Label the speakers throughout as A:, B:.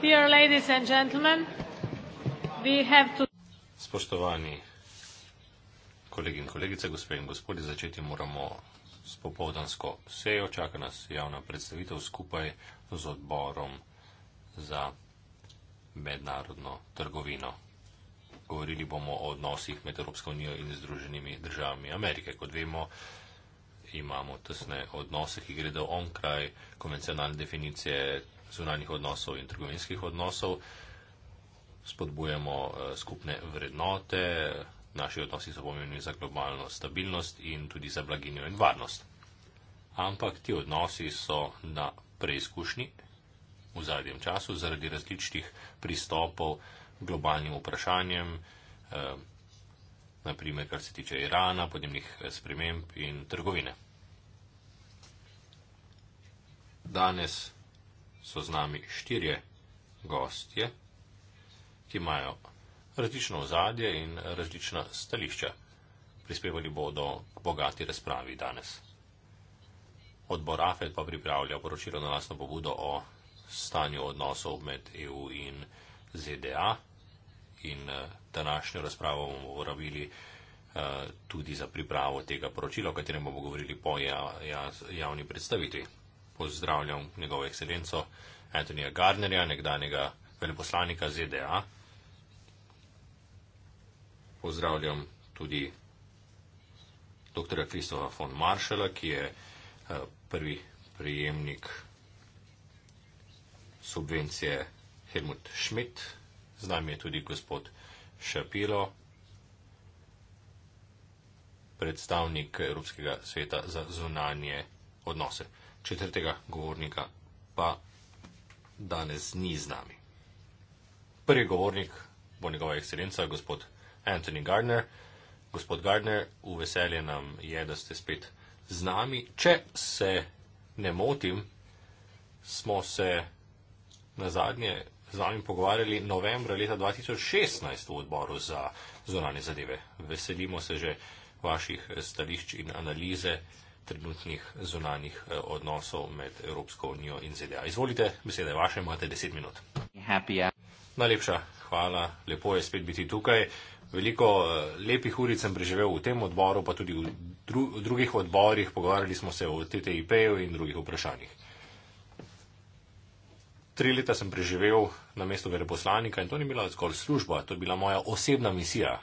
A: Dear ladies and gentlemen, we have to...
B: Spoštovani kolegi in kolegice, gospe in gospodi, začeti moramo s popovdansko sejo. Čaka nas javna predstavitev skupaj z odborom za mednarodno trgovino. Govorili bomo o odnosih med Evropsko unijo in Združenimi državami Amerike. Kot vemo, imamo tesne odnose, ki gredo onkraj konvencionalne definicije zunanjih odnosov in trgovinskih odnosov, spodbujamo eh, skupne vrednote, naši odnosi so pomembni za globalno stabilnost in tudi za blaginjo in varnost. Ampak ti odnosi so na preizkušnji v zadnjem času zaradi različnih pristopov globalnim vprašanjem, eh, naprimer kar se tiče Irana, podnebnih eh, sprememb in trgovine. Danes so z nami štirje gostje, ki imajo različno ozadje in različna stališča. Prispevali bodo bogati razpravi danes. Odbor AFED pa pripravlja poročilo na lastno pobudo o stanju odnosov med EU in ZDA in eh, današnjo razpravo bomo uporabili eh, tudi za pripravo tega poročila, o katerem bomo govorili po ja, ja, javni predstavitvi. Pozdravljam njegovo ekscelenco Antonija Gardnerja, nekdanjega veleposlanika ZDA. Pozdravljam tudi dr. Kristofa von Marshala, ki je eh, prvi prijemnik subvencije Helmut Schmidt. Z nami je tudi gospod Šapilo, predstavnik Evropskega sveta za zunanje odnose. Četrtega govornika pa danes ni z nami. Prvi govornik bo njegova ekscelenca, gospod Anthony Gardner. Gospod Gardner, v veselje nam je, da ste spet z nami. Če se ne motim, smo se na zadnje z vami pogovarjali novembra leta 2016 v odboru za zonanje zadeve. Veselimo se že vaših stališč in analize trenutnih zunanjih eh, odnosov med Evropsko unijo in ZDA. Izvolite, beseda je vaša, imate 10 minut. Najlepša hvala, lepo je spet biti tukaj. Veliko eh, lepih uric sem preživel v tem odboru, pa tudi v dru drugih odborih, pogovarjali smo se o TTIP-ju in drugih vprašanjih tri leta sem preživel na mestu veleposlanika in to ni bila zgolj služba, to je bila moja osebna misija.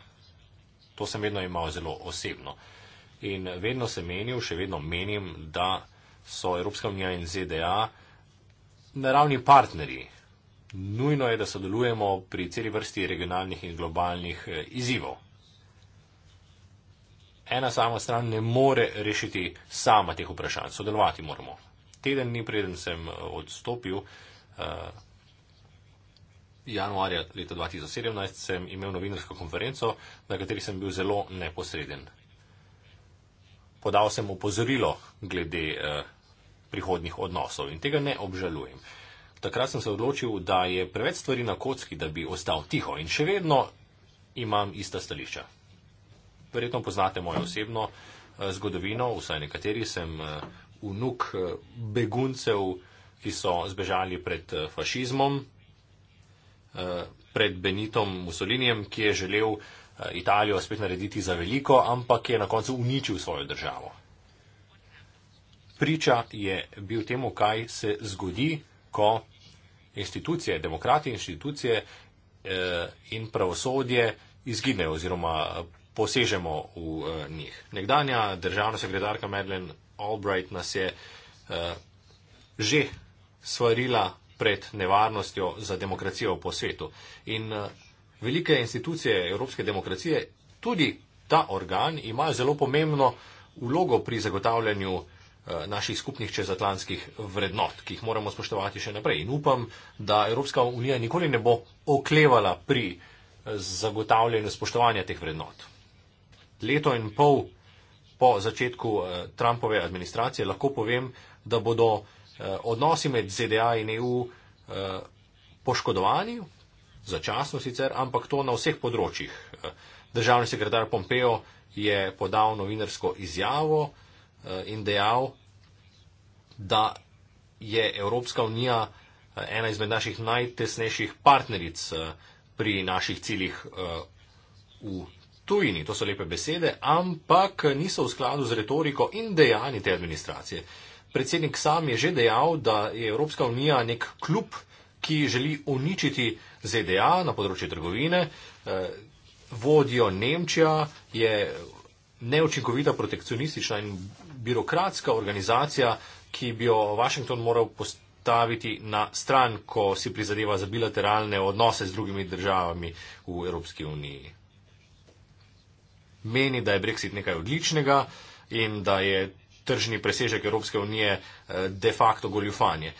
B: To sem vedno imel zelo osebno. In vedno sem menil, še vedno menim, da so Evropska unija in ZDA naravni partnerji. Nujno je, da sodelujemo pri celi vrsti regionalnih in globalnih eh, izzivov. Ena sama stran ne more rešiti sama teh vprašanj, sodelovati moramo. Teden dni preden sem eh, odstopil, uh, Eh, januarja leta 2017 sem imel novinarsko konferenco, na kateri sem bil zelo neposreden. Podal sem opozorilo glede eh, prihodnih odnosov in tega ne obžalujem. Takrat sem se odločil, da je preveč stvari na kocki, da bi ostal tiho in še vedno imam ista stališča. Verjetno poznate mojo osebno eh, zgodovino, vsaj nekateri sem vnuk beguncev, ki so zbežali pred eh, fašizmom, eh, pred Benitom Mussolinijem, ki je želel eh, Italijo spet narediti za veliko, ampak je na koncu uničil svojo državo. Priča je bil temu, kaj se zgodi, ko institucije, demokrati institucije in pravosodje izginejo oziroma posežemo v njih. Nekdanja državna sekretarka Madeleine Albright nas je že svarila pred nevarnostjo za demokracijo po svetu. In eh, velike institucije evropske demokracije, tudi ta organ, ima zelo pomembno vlogo pri zagotavljanju eh, naših skupnih čezatlantskih vrednot, ki jih moramo spoštovati še naprej. In upam, da Evropska unija nikoli ne bo oklevala pri eh, zagotavljanju spoštovanja teh vrednot. Leto in pol po začetku Trumpove administracije lahko povem, da bodo Eh, odnosi med ZDA in EU eh, poškodovani, začasno sicer, ampak to na vseh področjih. Eh, državni sekretar Pompeo je podal novinarsko izjavo in dejal, da je Evropska unija ena izmed naših najtesnejših partneric pri naših ciljih v tujini. To so lepe besede, ampak niso v skladu z retoriko in dejanji te administracije. Predsednik sam je že dejal, da je Evropska unija nek klub, ki želi uničiti ZDA na področju trgovine. Eh, Vodijo Nemčija, je neučinkovita, protekcionistična in birokratska organizacija, ki bi jo Washington moral postaviti na stran, ko si prizadeva za bilateralne odnose z drugimi državami v Evropski uniji. Meni, da je Brexit nekaj odličnega in da je tržni presežek Evropske unije eh, de facto goljufanje.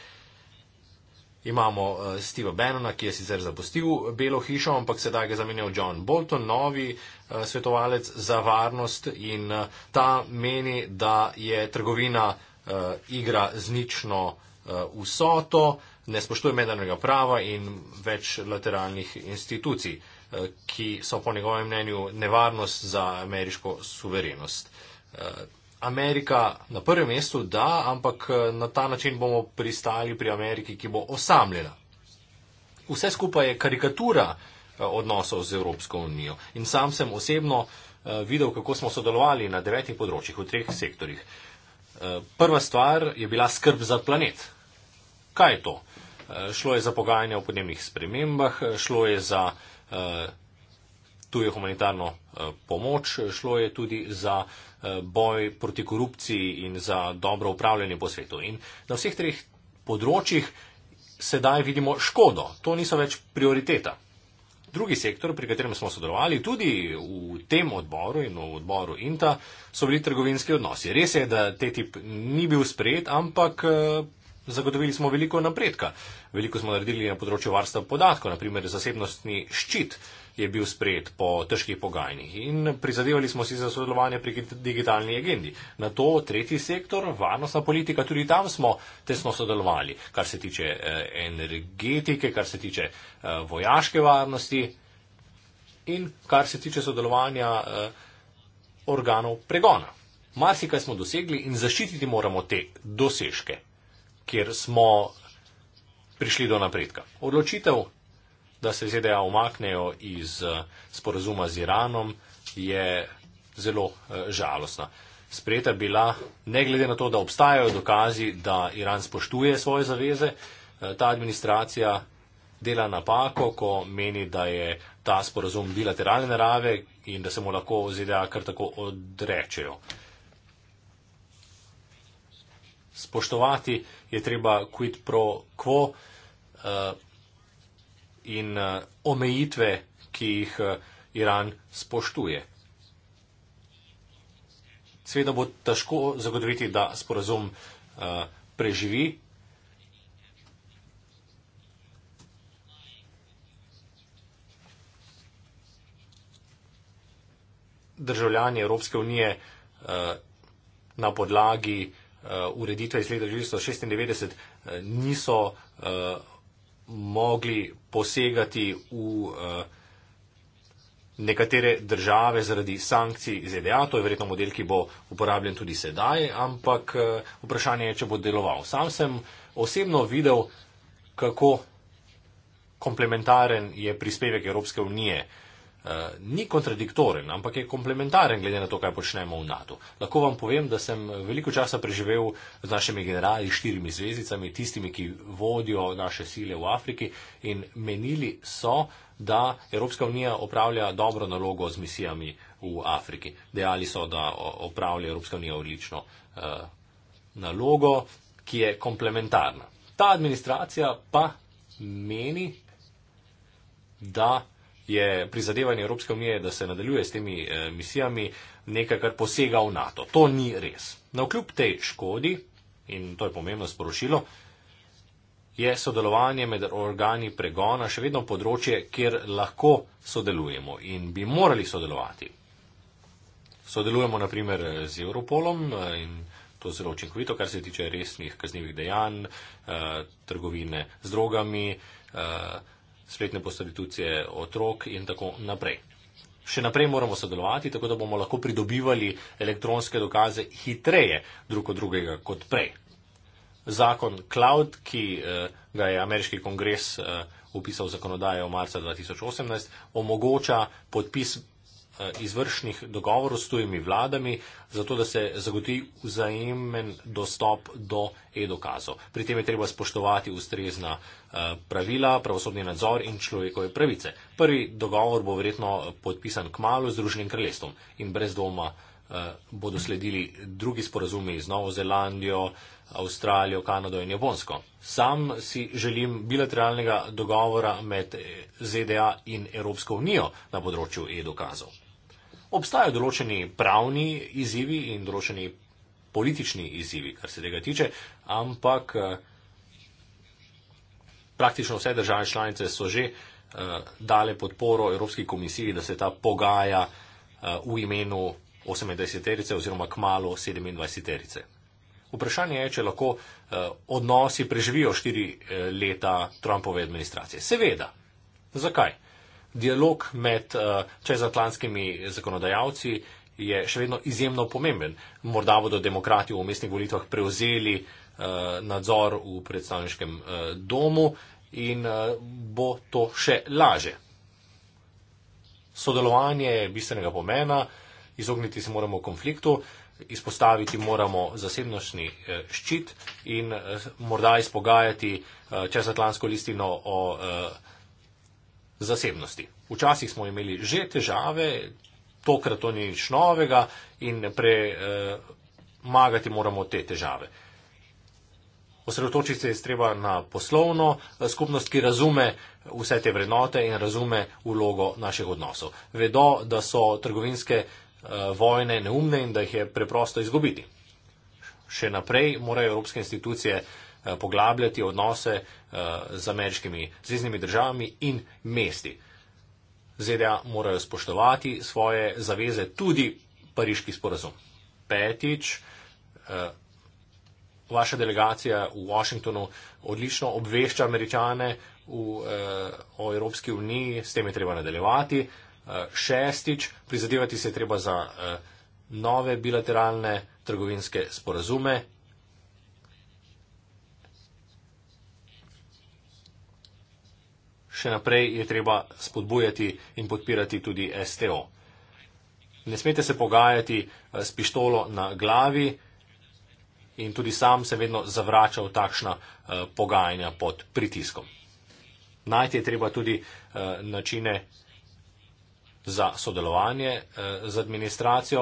B: Imamo eh, Steva Bannona, ki je sicer zapustil Belo hišo, ampak sedaj ga zamenjal John Bolton, novi eh, svetovalec za varnost in ta meni, da je trgovina igra z nično vsoto, ne spoštuje mednarodnega prava in več lateralnih institucij, ki so po njegovem mnenju nevarnost za ameriško suverenost. Amerika na prvem mestu, da, ampak eh, na ta način bomo pristali pri Ameriki, ki bo osamljena. Vse skupaj je karikatura eh, odnosov z Evropsko unijo in sam sem osebno eh, videl, kako smo sodelovali na devetih področjih, v treh sektorjih. Prva stvar je bila skrb za planet. Kaj je to? Šlo je za pogajanje o podnebnih spremembah, šlo je za tu je humanitarno eh, pomoč, šlo je tudi za eh, boj proti korupciji in za dobro upravljanje po svetu. In na vseh treh področjih sedaj vidimo škodo, to niso več prioriteta. Drugi sektor, pri katerem smo sodelovali tudi v tem odboru in v odboru INTA, so bili trgovinski odnosi. Res je, da te tip ni bil sprejet, ampak eh, Zagotovili smo veliko napredka. Veliko smo naredili na področju varstva podatkov, naprimer zasebnostni ščit je bil sprejet po težkih pogajanjih in prizadevali smo si za sodelovanje pri digitalni agendi. Na to tretji sektor, varnostna politika, tudi tam smo tesno sodelovali, kar se tiče eh, energetike, kar se tiče eh, vojaške varnosti in kar se tiče sodelovanja eh, organov pregona. Marsikaj smo dosegli in zaščititi moramo te dosežke kjer smo prišli do napredka. Odločitev, da se ZDA omaknejo iz eh, sporazuma z Iranom, je eh, zelo eh, žalostna. Sprejeta bila, ne glede na to, da obstajajo dokazi, da Iran spoštuje svoje zaveze, ta administracija dela napako, ko meni, da je ta sporazum bilateralne narave in da se mu lahko ZDA kar tako odrečejo spoštovati, je treba quid pro quo eh, in eh, omejitve, ki jih eh, Iran spoštuje. Sveda bo težko zagotoviti, da sporazum preživi. Državljani Evropske unije na podlagi uh, ureditve iz leta 1996 uh, eh, niso uh, mogli posegati v uh, nekatere države zaradi sankcij ZDA. E to je verjetno model, ki bo uporabljen tudi sedaj, ampak uh, vprašanje je, če bo deloval. Sam sem osebno videl, kako komplementaren je prispevek Evropske unije uh, Eh, ni kontradiktoren, ampak je komplementaren glede na to, kaj počnemo v NATO. Lahko vam povem, da sem veliko časa preživel z našimi generali, štirimi zvezicami, tistimi, ki vodijo naše sile v Afriki in menili so, da Evropska unija opravlja dobro nalogo z misijami v Afriki. Dejali so, da opravlja Evropska unija odlično eh, nalogo, ki je komplementarna. Ta administracija pa meni, da je prizadevanje Evropske unije, da se nadaljuje s temi eh, misijami, nekaj, kar posega v NATO. To ni res. Na vkljub tej škodi, in to je pomembno sporočilo, je sodelovanje med organi pregona še vedno področje, kjer lahko sodelujemo in bi morali sodelovati. Sodelujemo naprimer z Europolom eh, in to zelo očinkovito, kar se tiče resnih kaznjivih dejanj, eh, trgovine z drogami, spletne prostitucije otrok in tako naprej. Še naprej moramo sodelovati, tako da bomo lahko pridobivali elektronske dokaze hitreje drug od drugega kot prej. Zakon Cloud, ki eh, ga je ameriški kongres upisal eh, v zakonodajo v marca 2018, omogoča podpis Eh, izvršnih dogovorov s tujimi vladami, zato da se zagoti vzajemen dostop do e-dokazov. Pri tem je treba spoštovati ustrezna eh, pravila, pravosodni nadzor in človekove pravice. Prvi dogovor bo verjetno podpisan k malu z Združenim kraljestvom in brez dvoma eh, bodo sledili drugi sporazumi z Novo Zelandijo, Avstralijo, Kanado in Japonsko. Sam si želim bilateralnega dogovora med ZDA in Evropsko unijo na področju e-dokazov obstajajo določeni pravni izzivi in določeni politični izzivi, kar se tega tiče, ampak eh, praktično vse države članice so že eh, dale podporo Evropski komisiji, da se ta pogaja eh, v imenu 28-terice oziroma kmalo 27-terice. Vprašanje je, če lahko odnosi preživijo štiri leta Trumpove administracije. Seveda. Zakaj? dialog med uh, čezatlantskimi zakonodajalci je še vedno izjemno pomemben. Morda bodo demokrati v mestnih volitvah prevzeli uh, nadzor v predstavniškem uh, domu in uh, bo to še laže. Sodelovanje je bistvenega pomena, izogniti se moramo konfliktu, izpostaviti moramo zasebnostni ščit in morda izpogajati čezatlansko listino o zasebnosti. Včasih smo imeli že težave, tokrat to ni nič novega in premagati eh, moramo te težave. Osredotočiti se je treba na poslovno eh, skupnost, ki razume vse te vrednote in razume ulogo naših odnosov. Vedo, da so trgovinske eh, vojne neumne in da jih je preprosto izgubiti. Še naprej morajo evropske institucije uh, Eh, poglabljati odnose eh, z ameriškimi zvezdnimi državami in mesti. ZDA e morajo spoštovati svoje zaveze, tudi pariški sporazum. Petič, eh, vaša delegacija v Washingtonu odlično obvešča američane v, o Evropski uniji, s tem je treba nadaljevati. Šestič, prizadevati se je treba za nove bilateralne trgovinske sporazume, še naprej je treba spodbujati in podpirati tudi STO. Ne smete se pogajati eh, s pištolo na glavi in tudi sam sem vedno zavračal takšna eh, pogajanja pod pritiskom. Najti je treba tudi eh, načine za sodelovanje z administracijo.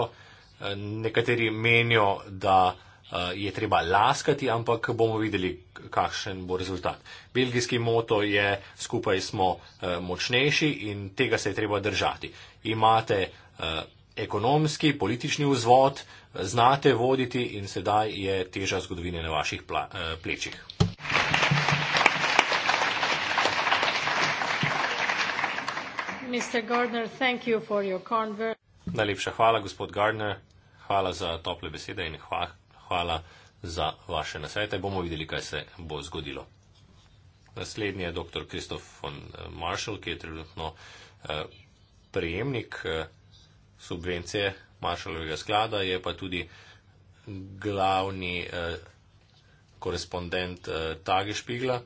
B: Nekateri menijo, da Eh, je treba laskati, ampak bomo videli, kakšen bo rezultat. Belgijski moto je, skupaj smo eh, močnejši in tega se je treba držati. Imate eh, ekonomski, politični vzvod, znate voditi in sedaj je teža zgodovine na vaših plečih. Najlepša hvala, gospod Gardner. Hvala za tople besede in hvala hvala za vaše nasvete. Bomo videli, kaj se bo zgodilo. Naslednji je dr. Kristof von eh, Marshall, ki je trenutno eh, prejemnik eh, subvencije Marshallovega sklada, je pa tudi glavni korespondent Tage Špigla.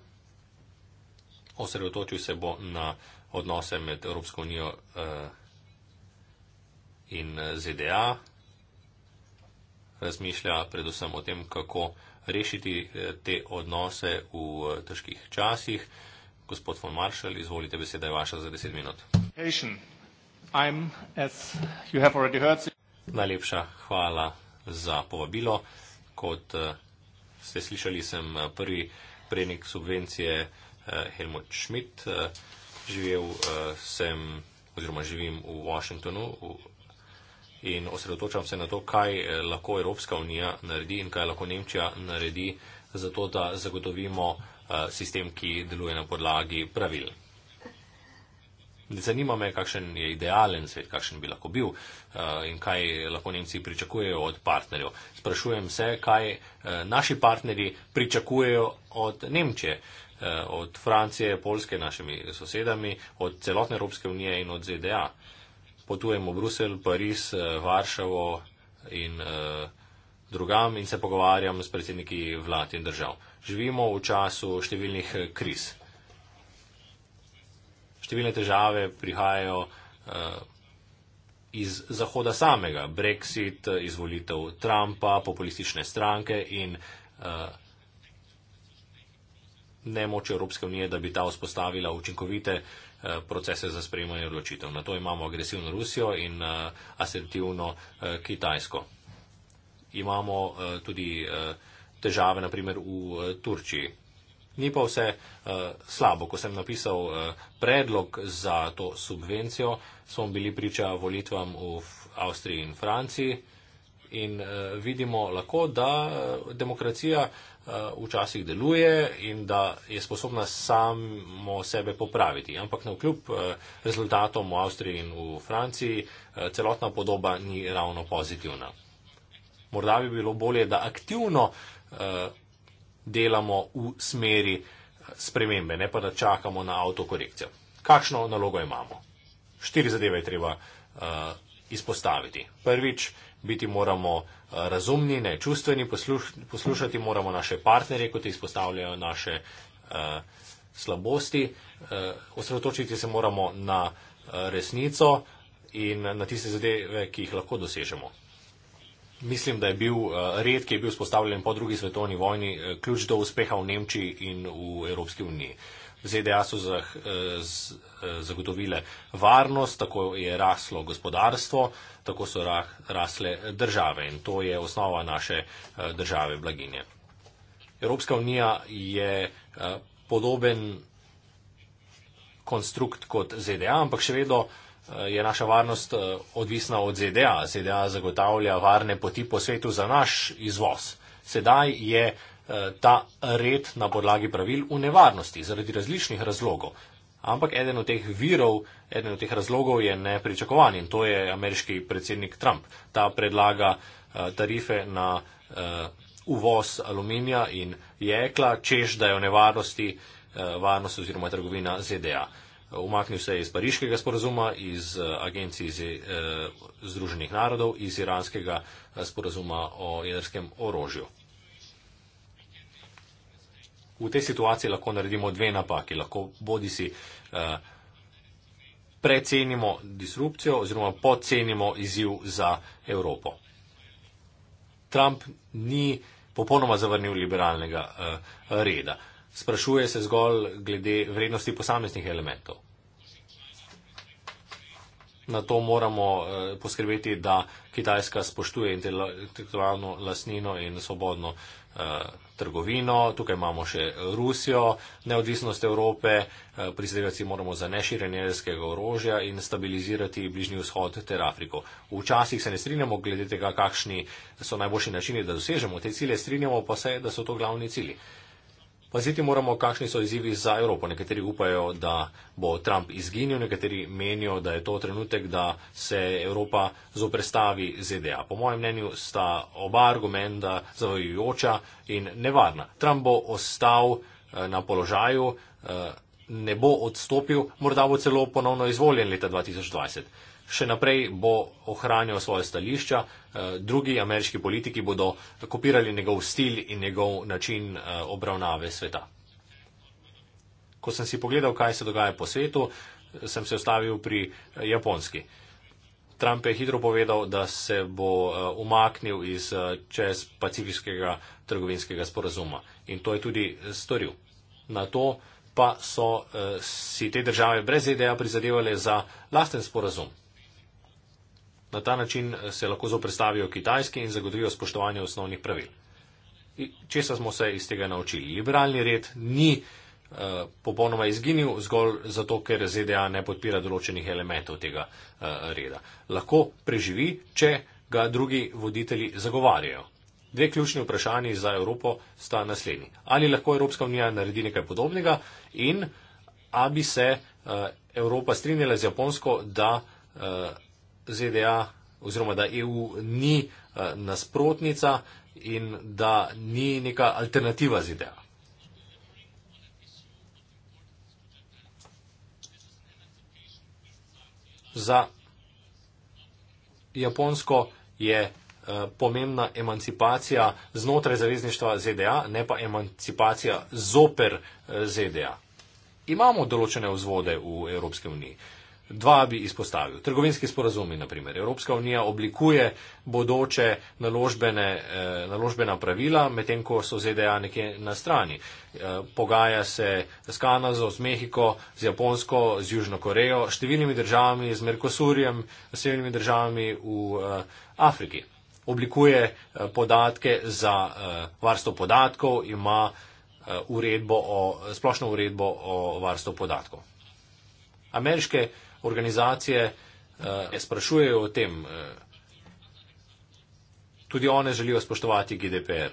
B: Osredotočil se bo na odnose med Evropsko unijo in ZDA, razmišlja predvsem o tem, kako rešiti eh, te odnose v eh, težkih časih. Gospod von Marshall, izvolite, beseda je vaša za deset minut. Heard... Najlepša hvala za povabilo. Kot eh, ste slišali, sem prvi prednik subvencije Helmut Schmidt. Živel sem oziroma živim v Washingtonu, in osredotočam se na to, kaj eh, lahko Evropska unija naredi in kaj lahko Nemčija naredi, zato da zagotovimo eh, sistem, ki deluje na podlagi pravil. Zanima me, kakšen je idealen svet, kakšen bi lahko bil eh, in kaj lahko Nemci pričakujejo od partnerjev. Sprašujem se, kaj naši partnerji pričakujejo od Nemčije, od Francije, Polske, našimi sosedami, od celotne Evropske unije in od ZDA potujem v Bruselj, Pariz, eh, Varšavo in eh, drugam in se pogovarjam s predsedniki vlad in držav. Živimo v času številnih eh, kriz. Številne težave prihajajo iz Zahoda samega. Brexit, izvolitev Trumpa, populistične stranke in nemoč Evropske unije, da bi ta vzpostavila učinkovite Eh, procese za sprejemanje odločitev. Na to imamo agresivno Rusijo in eh, asertivno eh, Kitajsko. Imamo tudi težave, naprimer, v Turčiji. Ni pa vse slabo. Ko sem napisal predlog za to subvencijo, smo bili priča volitvam v Avstriji in Franciji. In vidimo lahko, da demokracija Eh, včasih deluje in da je sposobna samo sebe popraviti. Ampak na vkljub eh, rezultatom v Avstriji in v Franciji eh, celotna podoba ni ravno pozitivna. Morda bi bilo bolje, da aktivno delamo v smeri spremembe, ne pa da čakamo na avtokorekcijo. Kakšno nalogo imamo? Štiri zadeve je treba uh, izpostaviti. Prvič, uh, biti moramo eh, razumni, ne čustveni, posluš, poslušati moramo naše partnerje, kot izpostavljajo naše uh, slabosti, uh, osredotočiti se moramo na uh, resnico in na tiste zadeve, ki jih lahko dosežemo. Mislim, da je bil red, ki je bil spostavljen po drugi svetovni vojni, ključ do uspeha v Nemčiji in v Evropski uniji. ZDA so eh, eh, zagotovile varnost, tako je raslo gospodarstvo, tako so rasle države in to je osnova naše eh, države blaginje. Evropska unija je podoben konstrukt kot ZDA, ampak še vedno je naša varnost odvisna od ZDA. ZDA zagotavlja varne poti po svetu za naš izvoz. Sedaj je uh, Eh, ta red na podlagi pravil v nevarnosti zaradi različnih razlogov. Ampak eden od teh virov, eden od teh razlogov je nepričakovan in to je ameriški predsednik Trump. Ta predlaga eh, tarife na eh, uvoz aluminija in jekla, čež da je v nevarnosti varnost oziroma trgovina ZDA. Umaknil se je iz Pariškega sporazuma, iz agencij Združenih narodov, iz iranskega sporazuma o jedrskem orožju v tej situaciji lahko naredimo dve napaki. Lahko bodi si eh, precenimo disrupcijo oziroma podcenimo izziv za Evropo. Trump ni popolnoma zavrnil liberalnega eh, reda. Sprašuje se zgolj glede vrednosti posameznih elementov. Na to moramo eh, poskrbeti, da Kitajska spoštuje intelektualno lasnino in svobodno trgovino, tukaj imamo še Rusijo, neodvisnost Evrope, eh, prizadevati si moramo za neširjenje jedrskega orožja in stabilizirati Bližnji vzhod ter Afriko. Včasih se ne strinjamo glede tega, kakšni so najboljši načini, da dosežemo te cilje, strinjamo pa se, da so to glavni cilji. Paziti moramo, kakšni so izzivi za Evropo. Nekateri upajo, da bo Trump izginil, nekateri menijo, da je to trenutek, da se Evropa zoprestavi ZDA. Po mojem mnenju sta oba argumenta zavajujoča in nevarna. Trump bo ostal eh, na položaju, eh, ne bo odstopil, morda bo celo ponovno izvoljen leta 2020 še naprej bo ohranjal svoje stališča, eh, drugi ameriški politiki bodo kopirali njegov stil in njegov način eh, obravnave sveta. Ko sem si pogledal, kaj se dogaja po svetu, sem se ostavil pri eh, Japonski. Trump je hitro povedal, da se bo umaknil iz čez pacifiškega trgovinskega sporazuma in to je tudi storil. Na to pa so si te države brez ideja prizadevale za lasten sporazum. Na ta način se lahko zoprestavijo Kitajski in zagotovijo spoštovanje osnovnih pravil. Česa smo se iz tega naučili? Liberalni red ni eh, popolnoma izginil zgolj zato, ker ZDA ne podpira določenih elementov tega eh, reda. Lahko preživi, če ga drugi voditelji zagovarjajo. Dve ključni vprašanji za Evropo sta naslednji. Ali lahko Evropska unija naredi nekaj podobnega in ali bi se eh, Evropa strinjala z Japonsko, da ZDA oziroma da EU ni eh, nasprotnica in da ni neka alternativa ZDA. Za Japonsko je eh, pomembna emancipacija znotraj zavezništva ZDA, ne pa emancipacija zoper eh, ZDA. Imamo določene vzvode v Evropske unije. Dva bi izpostavil. Trgovinski sporazumi, naprimer. Evropska unija oblikuje bodoče naložbene, eh, naložbena pravila, medtem ko so ZDA nekje na strani. Eh, pogaja se s Kanazo, z Mehiko, z Japonsko, z Južno Korejo, s številnimi državami, z Merkosurjem, s številnimi državami v eh, Afriki. Oblikuje podatke za varstvo podatkov, ima uredbo o, splošno uredbo o varstvu podatkov. Ameriške organizacije uh, sprašujejo o tem. Eh, tudi one želijo spoštovati GDPR.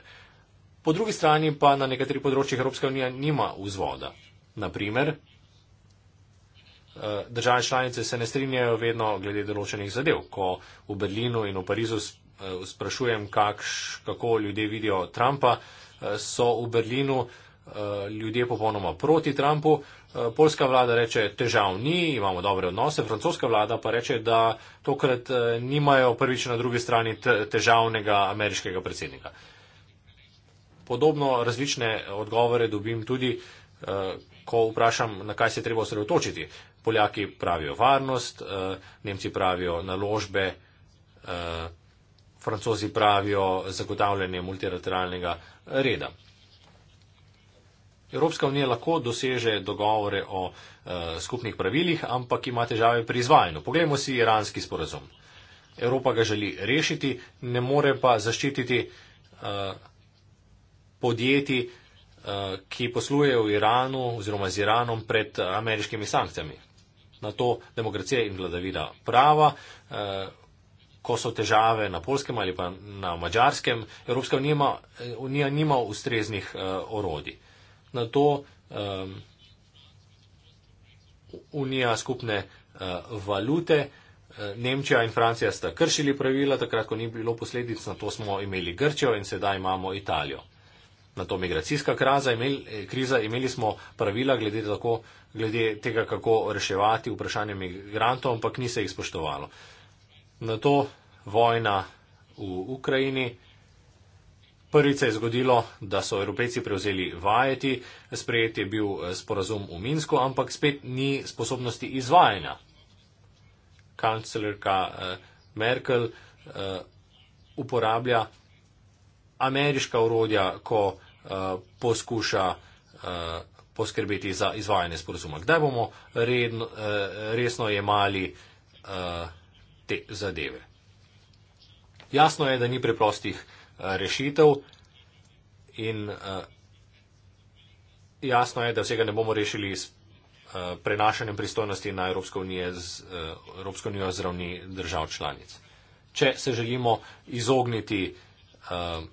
B: Po drugi strani pa na nekaterih področjih Evropska unija nima vzvoda. Naprimer, eh, države članice se ne strinjajo vedno glede določenih zadev. Ko v Berlinu in v Parizu sprašujem, kakš, kako ljudje vidijo Trumpa, so v Berlinu ljudje popolnoma proti Trumpu, Eh, poljska vlada reče, težav ni, imamo dobre odnose, francoska vlada pa reče, da tokrat eh, nimajo prvič na drugi strani težavnega ameriškega predsednika. Podobno različne odgovore dobim tudi, eh, ko vprašam, na kaj se treba osredotočiti. Poljaki pravijo varnost, Nemci pravijo naložbe, Francozi pravijo zagotavljanje multilateralnega reda. Evropska unija lahko doseže dogovore o uh, skupnih pravilih, ampak ima težave pri izvajanju. Poglejmo si iranski sporazum. Evropa ga želi rešiti, ne more pa zaščititi uh, podjetij, uh, ki poslujejo v Iranu oziroma z Iranom pred ameriškimi sankcijami. Na to demokracija in vladavina prava. Uh, ko so težave na polskem ali pa na mađarskem, Evropska unija nima, unija nima ustreznih uh, orodij na to um, unija skupne uh, valute. Eh, Nemčija in Francija sta kršili pravila, takrat, ko ni bilo posledic, na to smo imeli Grčijo in sedaj imamo Italijo. Na to migracijska kraza, imeli, eh, kriza, imeli smo pravila glede, tako, glede tega, kako reševati vprašanje migrantov, ampak ni se jih spoštovalo. Na to vojna v Ukrajini, Prvič se je zgodilo, da so evropejci prevzeli vajeti, sprejet je bil eh, sporazum v Minsku, ampak spet ni sposobnosti izvajanja. Kanclerka eh, Merkel eh, uporablja ameriška urodja, ko poskuša poskrbeti za izvajanje sporazuma. Kdaj bomo redno, resno jemali te zadeve? Jasno je, da ni preprostih rešitev. In uh, jasno je, da vsega ne bomo rešili s uh, prenašanjem pristojnosti na Evropsko unijo z, uh, Evropsko unijo z ravni držav članic. Če se želimo izogniti uh,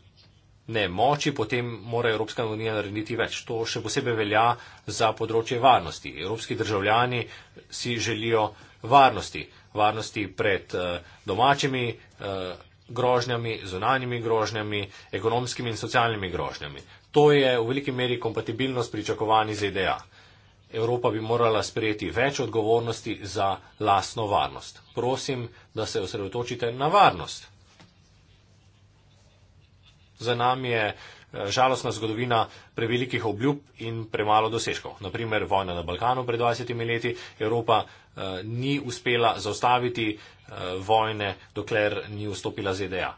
B: ne moči, potem mora Evropska unija narediti več. To še posebej velja za področje varnosti. Evropski državljani si želijo varnosti. Varnosti pred uh, domačimi. Uh, grožnjami, zunanjimi grožnjami, ekonomskimi in socialnimi grožnjami. To je v veliki meri kompatibilnost pričakovani ZDA. E Evropa bi morala sprejeti več odgovornosti za lasno varnost. Prosim, da se osredotočite na varnost. Za nami je žalostna zgodovina prevelikih obljub in premalo dosežkov. Naprimer, vojna na Balkanu pred 20 leti, Evropa eh, ni uspela zaustaviti eh, vojne, dokler ni vstopila ZDA.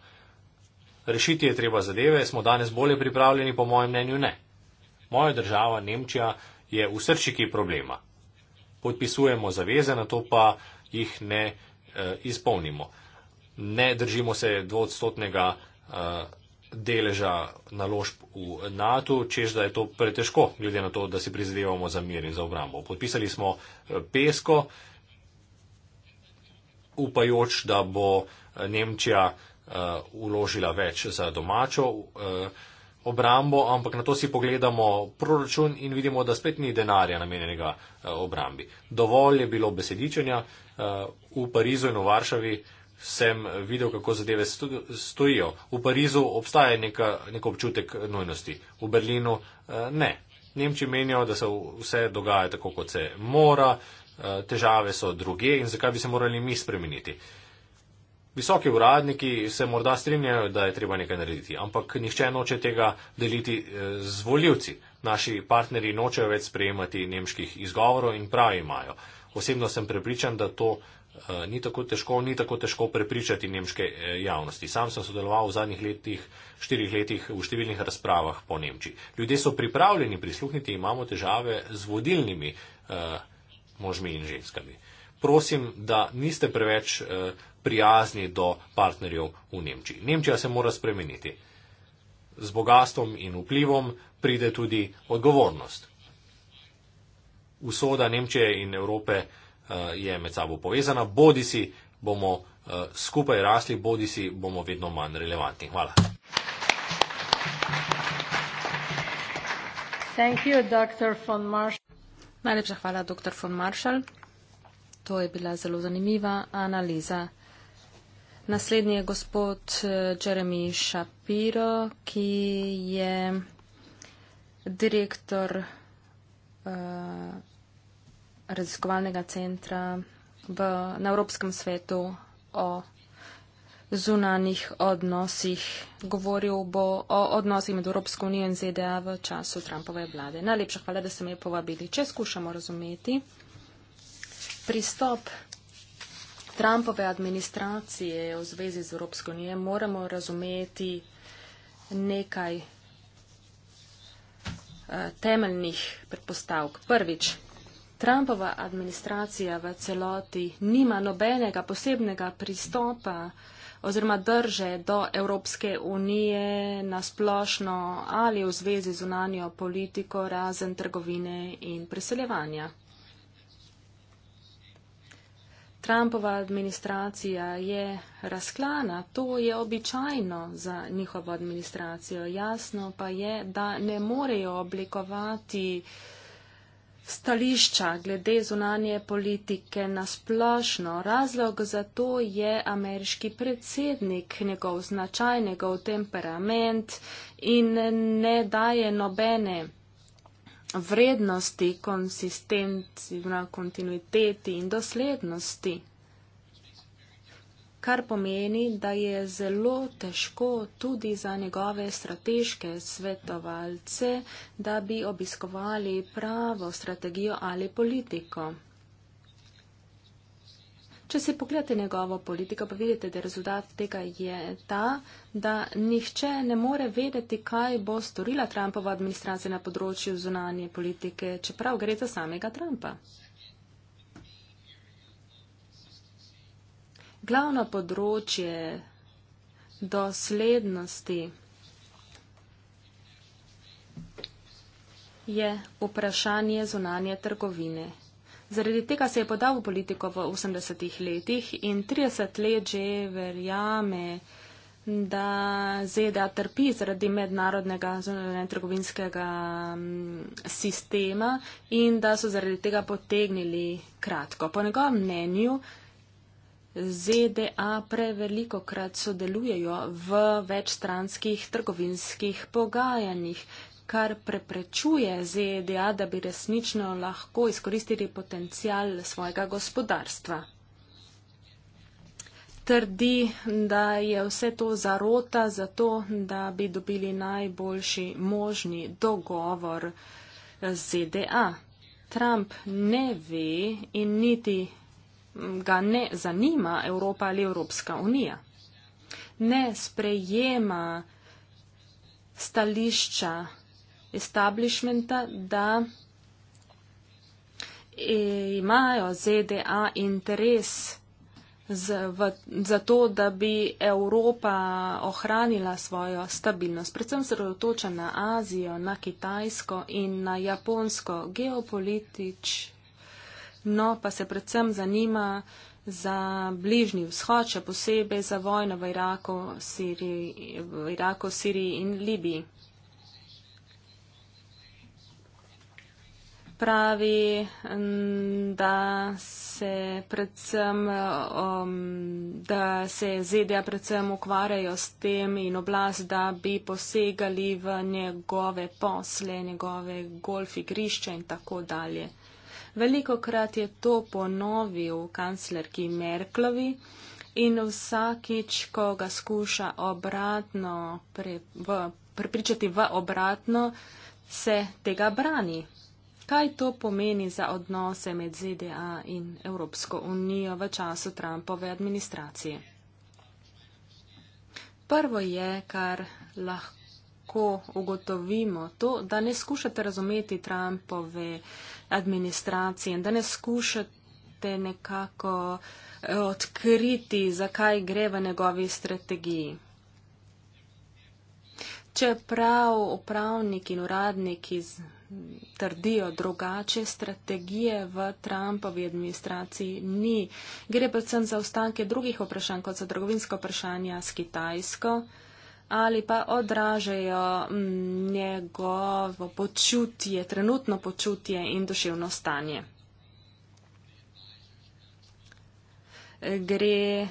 B: Rešiti je treba zadeve, smo danes bolje pripravljeni, po mojem mnenju ne. Moja država, Nemčija, je v srčiki problema. Podpisujemo zaveze, na to pa jih ne e, izpolnimo. Ne držimo se dvodstotnega e, deleža naložb v NATO, čež da je to pretežko, glede na to, da si prizadevamo za mir in za obrambo. Podpisali smo eh, pesko, upajoč, da bo eh, Nemčija uh, uložila več za domačo uh, obrambo, ampak na to si pogledamo proračun in vidimo, da spet ni denarja namenjenega uh, obrambi. Dovolj je bilo besedičenja uh, v Parizu in v Varšavi. Uh, sem videl, kako zadeve stojijo. V Parizu obstaja neka, nek občutek nujnosti, v Berlinu eh, ne. Nemči menijo, da se vse dogaja tako, kot se mora, eh, težave so druge in zakaj bi se morali mi spremeniti. Visoki uradniki se morda strinjajo, da je treba nekaj narediti, ampak nihče noče tega deliti eh, z voljivci. Naši partnerji nočejo več sprejemati nemških izgovorov in pravi imajo. Osebno sem prepričan, da to Eh, ni tako težko, ni tako težko prepričati nemške eh, javnosti. Sam sem sodeloval v zadnjih letih, štirih letih v številnih razpravah po Nemčiji. Ljudje so pripravljeni prisluhniti, imamo težave z vodilnimi uh, možmi in ženskami. Prosim, da niste preveč uh, prijazni do partnerjev v Nemčiji. Nemčija se mora spremeniti. Z bogatstvom in vplivom pride tudi odgovornost. Usoda Nemčije in Evrope. Eh, je med sabo povezana, bodi si bomo eh, skupaj rasli, bodi si bomo vedno manj relevantni. Hvala.
A: You, Najlepša hvala, dr. von Marshall. To je bila zelo zanimiva analiza. Naslednji je gospod eh, Jeremy Shapiro, ki je direktor uh, raziskovalnega centra v, na Evropskem svetu o zunanih odnosih. Govoril bo o odnosih med Evropsko unijo in ZDA v času Trumpove vlade. Najlepša hvala, da ste me povabili. Če skušamo razumeti pristop Trumpove administracije v zvezi z Evropsko unijo, moramo razumeti nekaj eh, temeljnih predpostavk. Prvič, Trumpova administracija v celoti nima nobenega posebnega pristopa oziroma drže do Evropske unije na splošno ali v zvezi z unanjo politiko razen trgovine in preseljevanja. Trumpova administracija je razklana, to je običajno za njihovo administracijo. Jasno pa je, da ne morejo oblikovati vsega, stališča glede zunanje politike na splošno. Razlog za to je ameriški predsednik, njegov značaj, njegov temperament in ne daje nobene vrednosti, konsistenci, kontinuiteti in doslednosti kar pomeni, da je zelo težko tudi za njegove strateške svetovalce, da bi obiskovali pravo strategijo ali politiko. Če si pogledate njegovo politiko, pa vidite, da rezultat tega je ta, da nihče ne more vedeti, kaj bo storila Trumpova administracija na področju zunanje politike, čeprav gre za samega Trumpa. glavno področje doslednosti je vprašanje zunanje trgovine. Zaradi tega se je podal v politiko v 80-ih letih in 30 let že verjame, da ZDA trpi zaradi mednarodnega trgovinskega mm, sistema in da so zaradi tega potegnili kratko. Po njegovem mnenju ZDA preveliko krat sodelujejo v večstranskih trgovinskih pogajanjih, kar preprečuje ZDA, da bi resnično lahko izkoristili potencial svojega gospodarstva. Trdi, da je vse to zarota za to, da bi dobili najboljši možni dogovor z ZDA. Trump ne ve in niti ga ne zanima Evropa ali Evropska unija. Ne sprejema stališča establishmenta, da imajo ZDA interes za to, da bi Evropa ohranila svojo stabilnost. Predvsem se rotoča na Azijo, na Kitajsko in na Japonsko geopolitično no pa se predvsem zanima za bližnji vzhod, še posebej za vojno v Iraku, Siriji, v Iraku, Siriji in Libiji. Pravi, da se, predvsem, um, da se ZDA predvsem ukvarjajo s tem in oblast, da bi posegali v njegove posle, njegove golf igrišče in tako dalje. Veliko krat je to ponovil kanclerki Merklovi in vsakič, ko ga skuša obratno pre, v, prepričati v obratno, se tega brani. Kaj to pomeni za odnose med ZDA in Evropsko unijo v času Trumpove administracije? Prvo je, kar lahko ugotovimo, to, da ne skušate razumeti Trumpove uh, administracije in da ne skušate nekako eh, odkriti, zakaj gre v njegovi strategiji. Čeprav upravniki in uradniki trdijo drugače, strategije v Trumpovi administraciji ni. Gre predvsem za ostanke drugih vprašanj, kot so trgovinsko vprašanje s Kitajsko ali pa odražajo mm, njegovo počutje, trenutno počutje in duševno stanje. Gre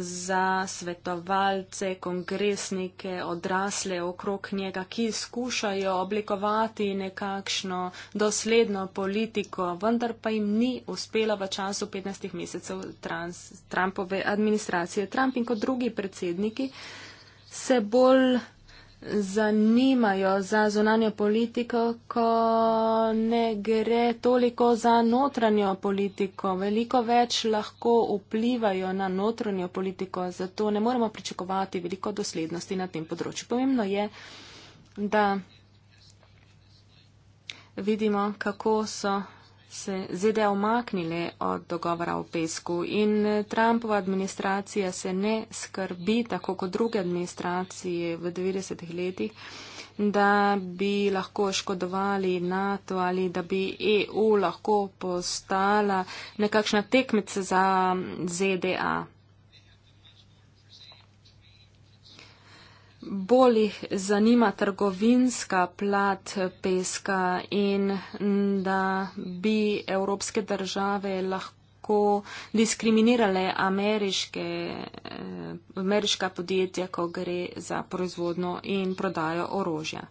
A: za svetovalce, kongresnike, odrasle okrog njega, ki skušajo oblikovati nekakšno dosledno politiko, vendar pa jim ni uspelo v času 15 mesecev trans, Trumpove administracije. Trump in kot drugi predsedniki se bolj zanimajo za zunanjo politiko, ko ne gre toliko za notranjo politiko. Veliko več lahko vplivajo na notranjo politiko, zato ne moremo pričakovati veliko doslednosti na tem področju. Pomembno je, da vidimo, kako so se ZDA omaknile od dogovora o pesku in Trumpova administracija se ne skrbi, tako kot druge administracije v 90-ih letih, da bi lahko škodovali NATO ali da bi EU lahko postala nekakšna tekmica za ZDA. bolj jih zanima trgovinska plat peska in da bi evropske države lahko diskriminirale ameriške, eh, ameriška podjetja, ko gre za proizvodno in prodajo orožja.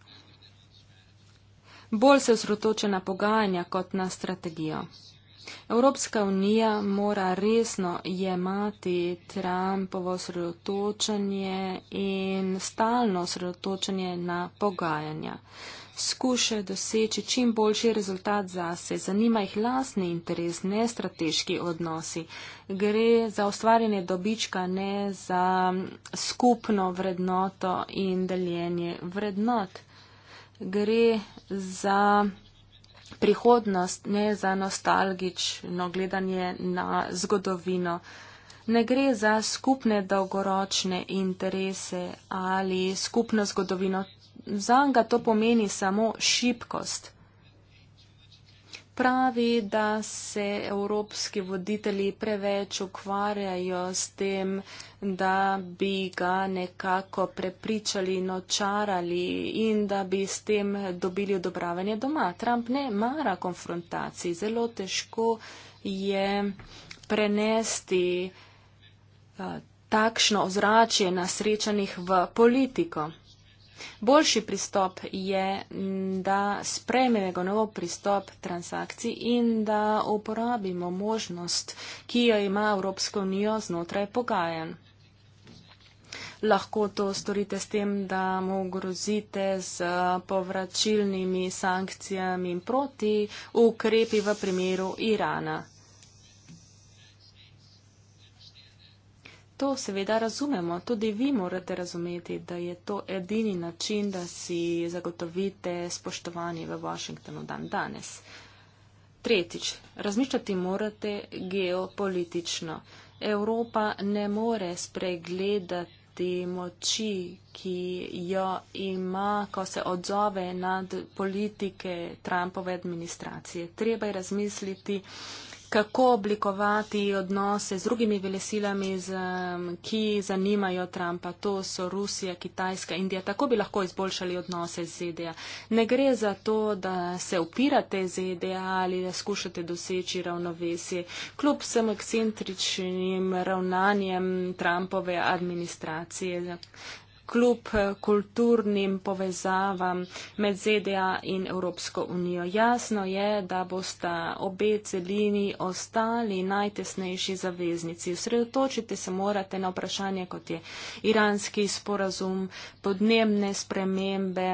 A: Bolj se osredotoča na pogajanja kot na strategijo. Evropska unija mora resno jemati Trumpovo sredotočanje in stalno sredotočanje na pogajanja. Skuša doseči čim boljši rezultat zase, zanima jih lasni interes, ne strateški odnosi. Gre za ustvarjanje dobička, ne za skupno vrednoto in deljenje vrednot. Gre za prihodnost, ne za nostalgično gledanje na zgodovino. Ne gre za skupne dolgoročne interese ali skupno zgodovino. Za njega to pomeni samo šibkost pravi, da se evropski voditelji preveč ukvarjajo s tem, da bi ga nekako prepričali in očarali in da bi s tem dobili odobravanje doma. Trump ne mara konfrontacij, zelo težko je prenesti eh, takšno ozračje na srečanih v politiko. Boljši pristop je, da sprejmemo nov pristop transakcij in da uporabimo možnost, ki jo ima Evropska unija znotraj pogajanj. Lahko to storite s tem, da mu grozite z povračilnimi sankcijami proti ukrepi v primeru Irana. to seveda razumemo, tudi vi morate razumeti, da je to edini način, da si zagotovite spoštovanje v Washingtonu dan danes. Tretjič, razmišljati morate geopolitično. Evropa ne more spregledati moči, ki jo ima, ko se odzove nad politike Trumpove administracije. Treba je razmisliti kako oblikovati odnose z drugimi velesilami, z, um, ki zanimajo Trumpa. To so Rusija, Kitajska, Indija. Tako bi lahko izboljšali odnose z ZDA. Ne gre za to, da se upirate ZDA ali da skušate doseči ravnovesje. Kljub vsem eksentričnim ravnanjem Trumpove administracije kljub eh, kulturnim povezavam med ZDA in Evropsko unijo. Jasno je, da boste obe celini ostali najtesnejši zaveznici. Sredotočite se morate na vprašanje, kot je iranski sporazum, podnebne spremembe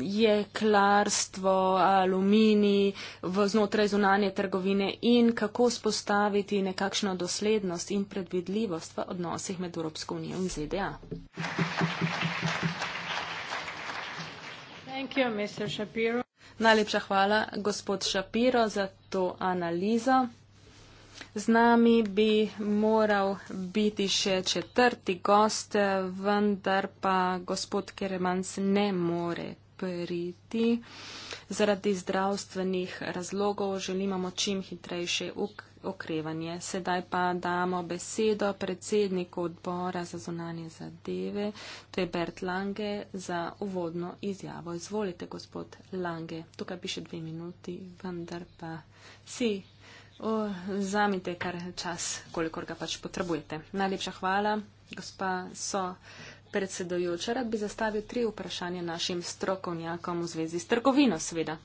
A: jeklarstvo, aluminij v znotraj zunanje trgovine in kako spostaviti nekakšno doslednost in predvidljivost v odnosih med Evropsko unijo in ZDA. You, Najlepša hvala, gospod Šapiro, za to analizo. Z nami bi moral biti še četrti gost, vendar pa gospod Keremans ne more priti. Zaradi zdravstvenih razlogov želimo čim hitrejše okrevanje. Sedaj pa damo besedo predsedniku odbora za zunanje zadeve, to je Bert Lange, za uvodno izjavo. Izvolite, gospod Lange. Tukaj piše dve minuti, vendar pa si Zamite kar čas, kolikor ga pač potrebujete. Najlepša hvala, gospa So. Predsedojoča, rad bi zastavil tri vprašanja našim strokovnjakom v zvezi s trgovino, sveda.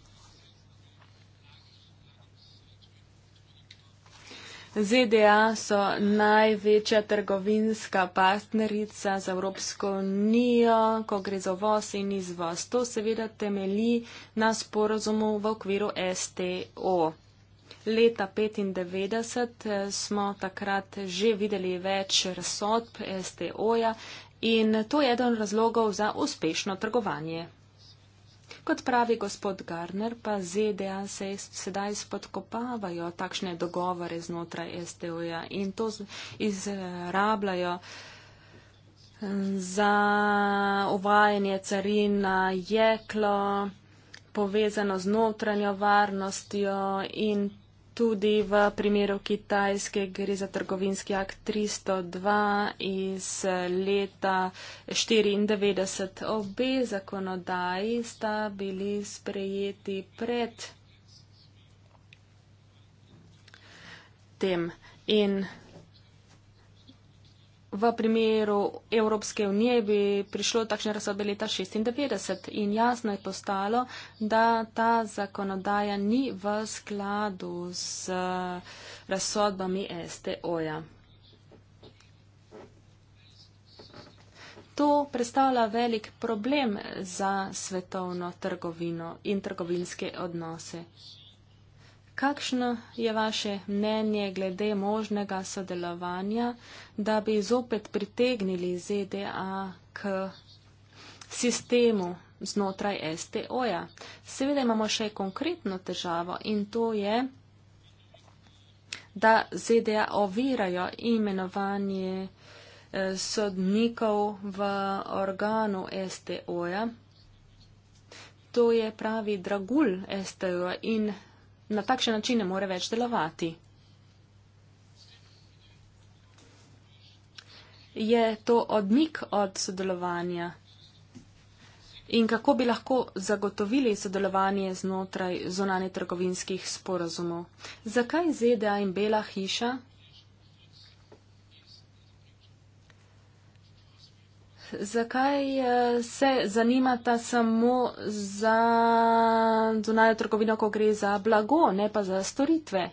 A: ZDA so največja trgovinska partnerica za Evropsko unijo, ko gre za voz in izvoz. To seveda temelji na sporozumu v okviru STO leta 1995 eh, smo takrat že videli več razsodb STO-ja in to je eden razlogov za uspešno trgovanje. Kot pravi gospod Garner, pa ZDA se sedaj spodkopavajo takšne dogovore znotraj STO-ja in to izrabljajo eh, za uvajanje carina jeklo povezano z notranjo varnostjo in tudi v primeru Kitajske gre za trgovinski akt 302 iz leta 94. Obe zakonodaji sta bili sprejeti pred tem. In V primeru Evropske unije bi prišlo takšne razsodbe leta 1956 in jasno je postalo, da ta zakonodaja ni v skladu z eh, razsodbami STO-ja. To predstavlja velik problem za svetovno trgovino in trgovinske odnose. Kakšno je vaše mnenje glede možnega sodelovanja, da bi zopet pritegnili ZDA k sistemu znotraj STO-ja? Seveda imamo še konkretno težavo in to je, da ZDA ovirajo imenovanje eh, sodnikov v organu STO-ja. To je pravi dragul STO-ja in na takšen način ne more več delovati. Je to odmik od sodelovanja? In kako bi lahko zagotovili sodelovanje znotraj zunanje trgovinskih sporazumov? Zakaj ZDA in Bela hiša Zakaj eh, se zanimata samo za zunanjo trgovino, ko gre za blago, ne pa za storitve?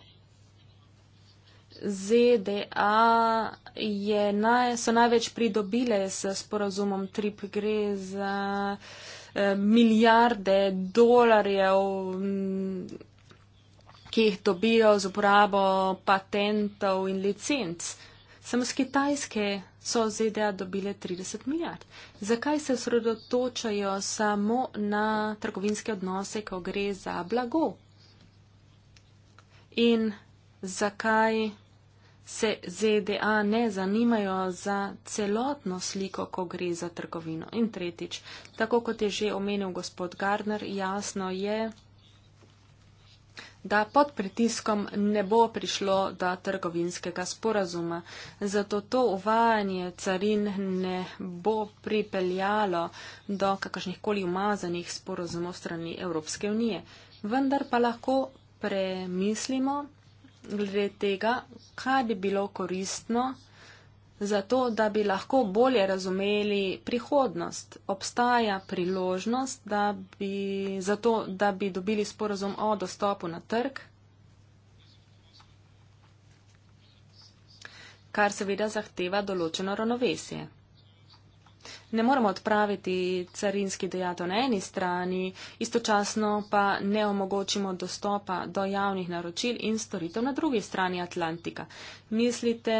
A: ZDA je, so največ pridobile s sporazumom TRIP, gre za eh, milijarde dolarjev, mm, ki jih dobijo z uporabo patentov in licenc. Samo z kitajske so ZDA dobile 30 milijard. Zakaj se sredotočajo samo na trgovinske odnose, ko gre za blago? In zakaj se ZDA ne zanimajo za celotno sliko, ko gre za trgovino? In tretjič, tako kot je že omenil gospod Gardner, jasno je, da pod pritiskom ne bo prišlo do trgovinskega sporazuma. Zato to uvajanje carin ne bo pripeljalo do kakršnih koli umazanih sporazumov strani Evropske unije. Vendar pa lahko premislimo glede tega, kaj bi bilo koristno zato da bi lahko bolje razumeli prihodnost. Obstaja priložnost, da bi, zato, da bi dobili sporozum o dostopu na trg, kar seveda zahteva določeno ravnovesje. Ne moramo odpraviti carinski dejato na eni strani, istočasno pa ne omogočimo dostopa do javnih naročil in storitev na drugi strani Atlantika. Mislite,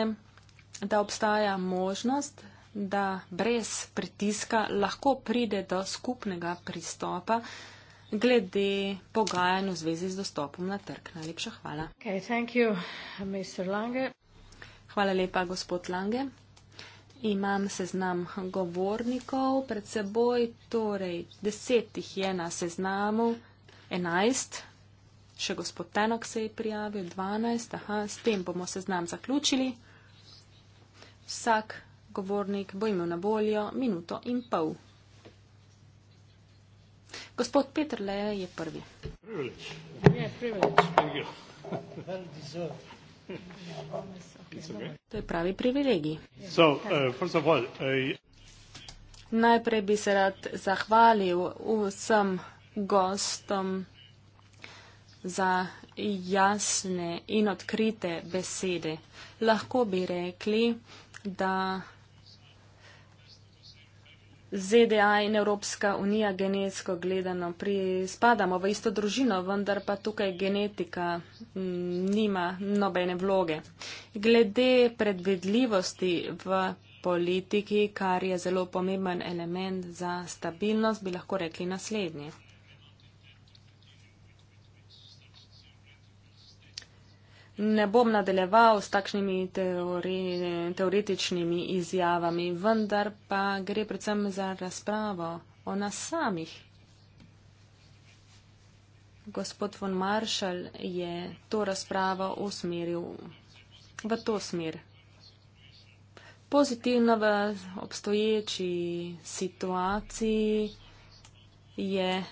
A: da obstaja možnost, da brez pritiska lahko pride do skupnega pristopa glede pogajanj v zvezi z dostopom na trg. Najlepša hvala. Okay, you, hvala lepa, gospod Lange. Imam seznam govornikov pred seboj, torej desetih je na seznamu, enajst, še gospod Tenok se je prijavil, dvanajst, aha, s tem bomo seznam zaključili vsak govornik bo imel na voljo minuto in pol. Gospod Petr Leje je prvi. To je pravi privilegij.
B: Uh,
A: Najprej bi se rad zahvalil vsem gostom za jasne in odkrite besede. Lahko bi rekli, da ZDA in Evropska unija genetsko gledano spadamo v isto družino, vendar pa tukaj genetika nima nobene vloge. Glede predvidljivosti v politiki, kar je zelo pomemben element za stabilnost, bi lahko rekli naslednje. ne bom nadaljeval s takšnimi teori, teoretičnimi izjavami, vendar pa gre predvsem za razpravo o nas samih. Gospod von Marshall je to razpravo usmeril v to smer. Pozitivno v obstoječi situaciji je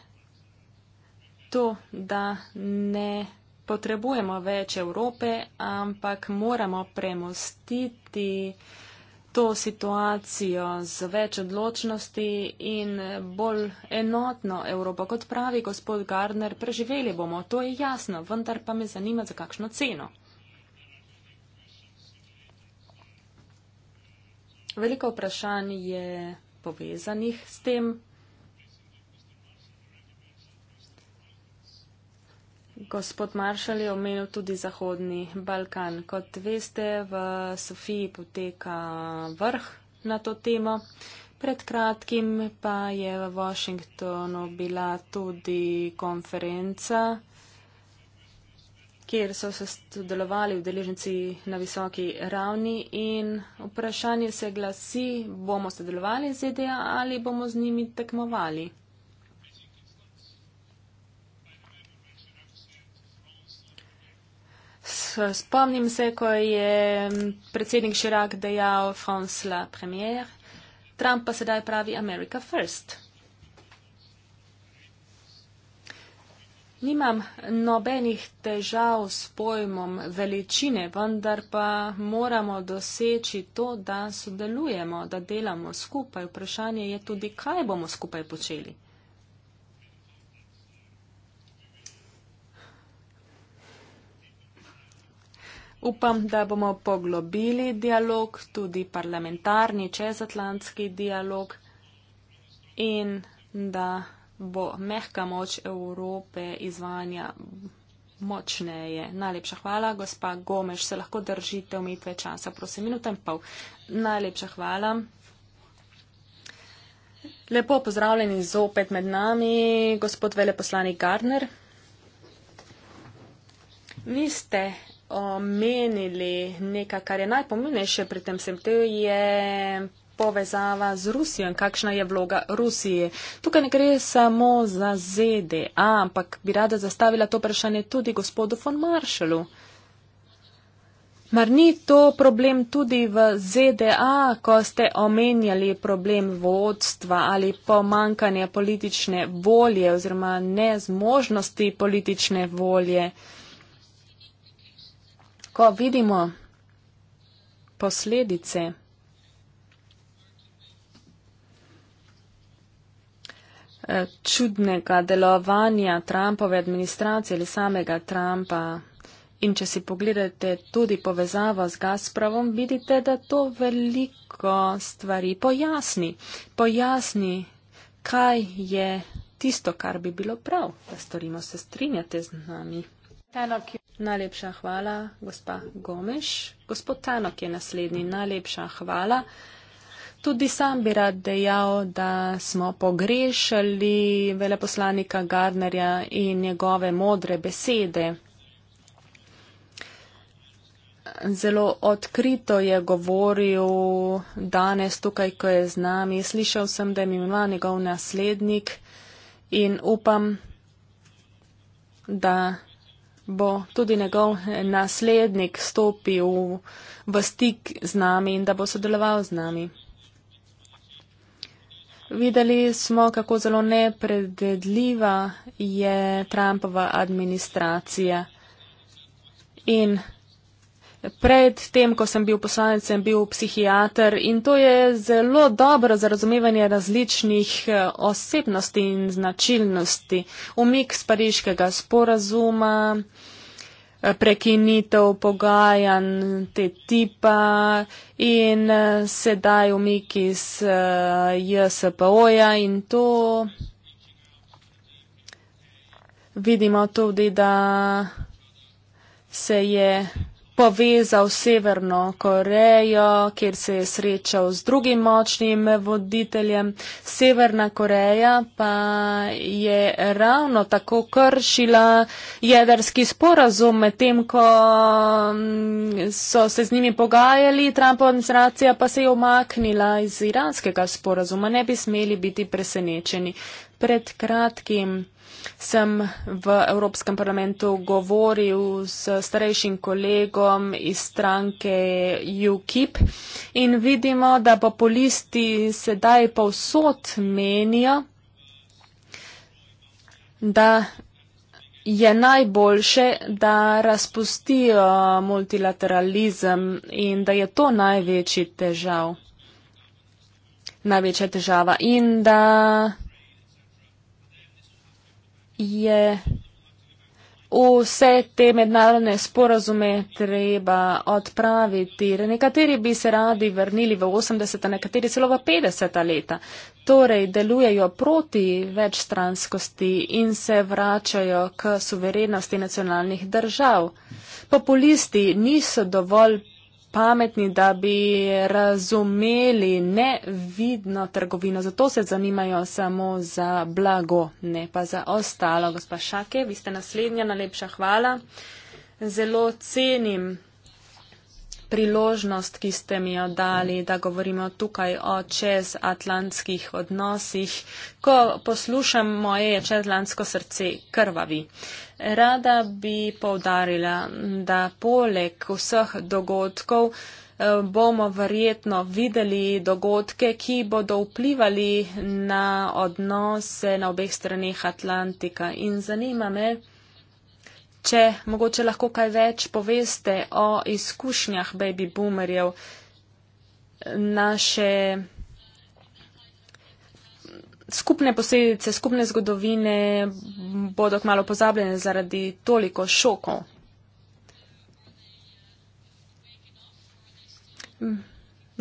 A: to, da ne potrebujemo več Evrope, ampak moramo premostiti to situacijo z več odločnosti in bolj enotno Evropo. Kot pravi gospod Gardner, preživeli bomo, to je jasno, vendar pa me zanima, za kakšno ceno. Veliko vprašanj je povezanih s tem, Gospod Maršal je omenil tudi Zahodni Balkan. Kot veste, v Sofiji poteka vrh na to temo. Pred kratkim pa je v Washingtonu bila tudi konferenca, kjer so se sodelovali udeleženci na visoki ravni in vprašanje se glasi, bomo sodelovali z ZDA ali bomo z njimi tekmovali. spomnim se, ko je predsednik Širak dejal France la première, Trump pa sedaj pravi America first. Nimam nobenih težav s pojmom veličine, vendar pa moramo doseči to, da sodelujemo, da delamo skupaj. Vprašanje je tudi, kaj bomo skupaj počeli. Upam, da bomo poglobili dialog, tudi parlamentarni, čezatlantski dialog in da bo mehka moč Evrope izvanja močneje. Najlepša hvala, gospa Gomeš, se lahko držite omejitve časa, prosim, minuto in pol. Najlepša hvala. Lepo pozdravljeni zopet med nami, gospod veleposlanik Gardner. Vi ste omenili nekaj, kar je najpomembnejše pri tem vsem, to je povezava z Rusijo in kakšna je vloga Rusije. Tukaj ne gre samo za ZDA, ampak bi rada zastavila to vprašanje tudi gospodu von Marshallu. Mar ni to problem tudi v ZDA, ko ste omenjali problem vodstva ali pomankanje politične volje oziroma nezmožnosti politične volje? ko vidimo posledice, eh, čudnega delovanja Trumpove administracije ali samega Trumpa. In če si pogledate tudi povezavo z Gazpromom, vidite, da to veliko stvari pojasni. Pojasni, kaj je tisto, kar bi bilo prav, da storimo se strinjate z nami. Tanok. Najlepša hvala, gospa Gomeš. Gospod Tanok je naslednji. Najlepša hvala. Tudi sam bi rad dejal, da smo pogrešali veleposlanika Gardnerja in njegove modre besede. Zelo odkrito je govoril danes tukaj, ko je z nami. Slišal sem, da mi ima njegov naslednik in upam, da bo tudi njegov eh, naslednik stopil v stik z nami in da bo sodeloval z nami. Videli smo, kako zelo nepredvidljiva je Trumpova administracija in Pred tem, ko sem bil poslanec, sem bil psihiater in to je zelo dobro za razumevanje različnih eh, osebnosti in značilnosti. Umik z pariškega sporazuma, eh, prekinitev pogajanj te tipa in eh, sedaj umik iz JSPO-ja in to vidimo tudi, da se je povezal Severno Korejo, kjer se je srečal z drugim močnim voditeljem. Severna Koreja pa je ravno tako kršila jedrski sporazum, medtem ko mm, so se z njimi pogajali, Trumpova administracija pa se je omaknila iz iranskega sporazuma. Ne bi smeli biti presenečeni. Pred kratkim sem v Evropskem parlamentu govoril s starejšim kolegom iz stranke UKIP in vidimo, da populisti sedaj povsod menijo, da je najboljše, da razpustijo multilateralizem in da je to največji težav, največja težava in da je vse te mednarodne sporazume treba odpraviti. Nekateri bi se radi vrnili v 80-ta, nekateri celo v 50-ta leta. Torej delujejo proti večstranskosti in se vračajo k suverenosti nacionalnih držav. Populisti niso dovolj pametni, da bi razumeli nevidno trgovino. Zato se zanimajo samo za blago, ne pa za ostalo. Gospa Šake, vi ste naslednja, najlepša hvala. Zelo cenim priložnost, ki ste mi jo dali, da govorimo tukaj o čezatlantskih odnosih, ko poslušam moje čezatlantsko srce krvavi. Rada bi povdarila, da poleg vseh dogodkov eh, bomo verjetno videli dogodke, ki bodo vplivali na odnose na obeh straneh Atlantika. In zanima me, Če mogoče lahko kaj več poveste o izkušnjah baby boomerjev, naše skupne posledice, skupne zgodovine bodo kmalo pozabljene zaradi toliko šokov.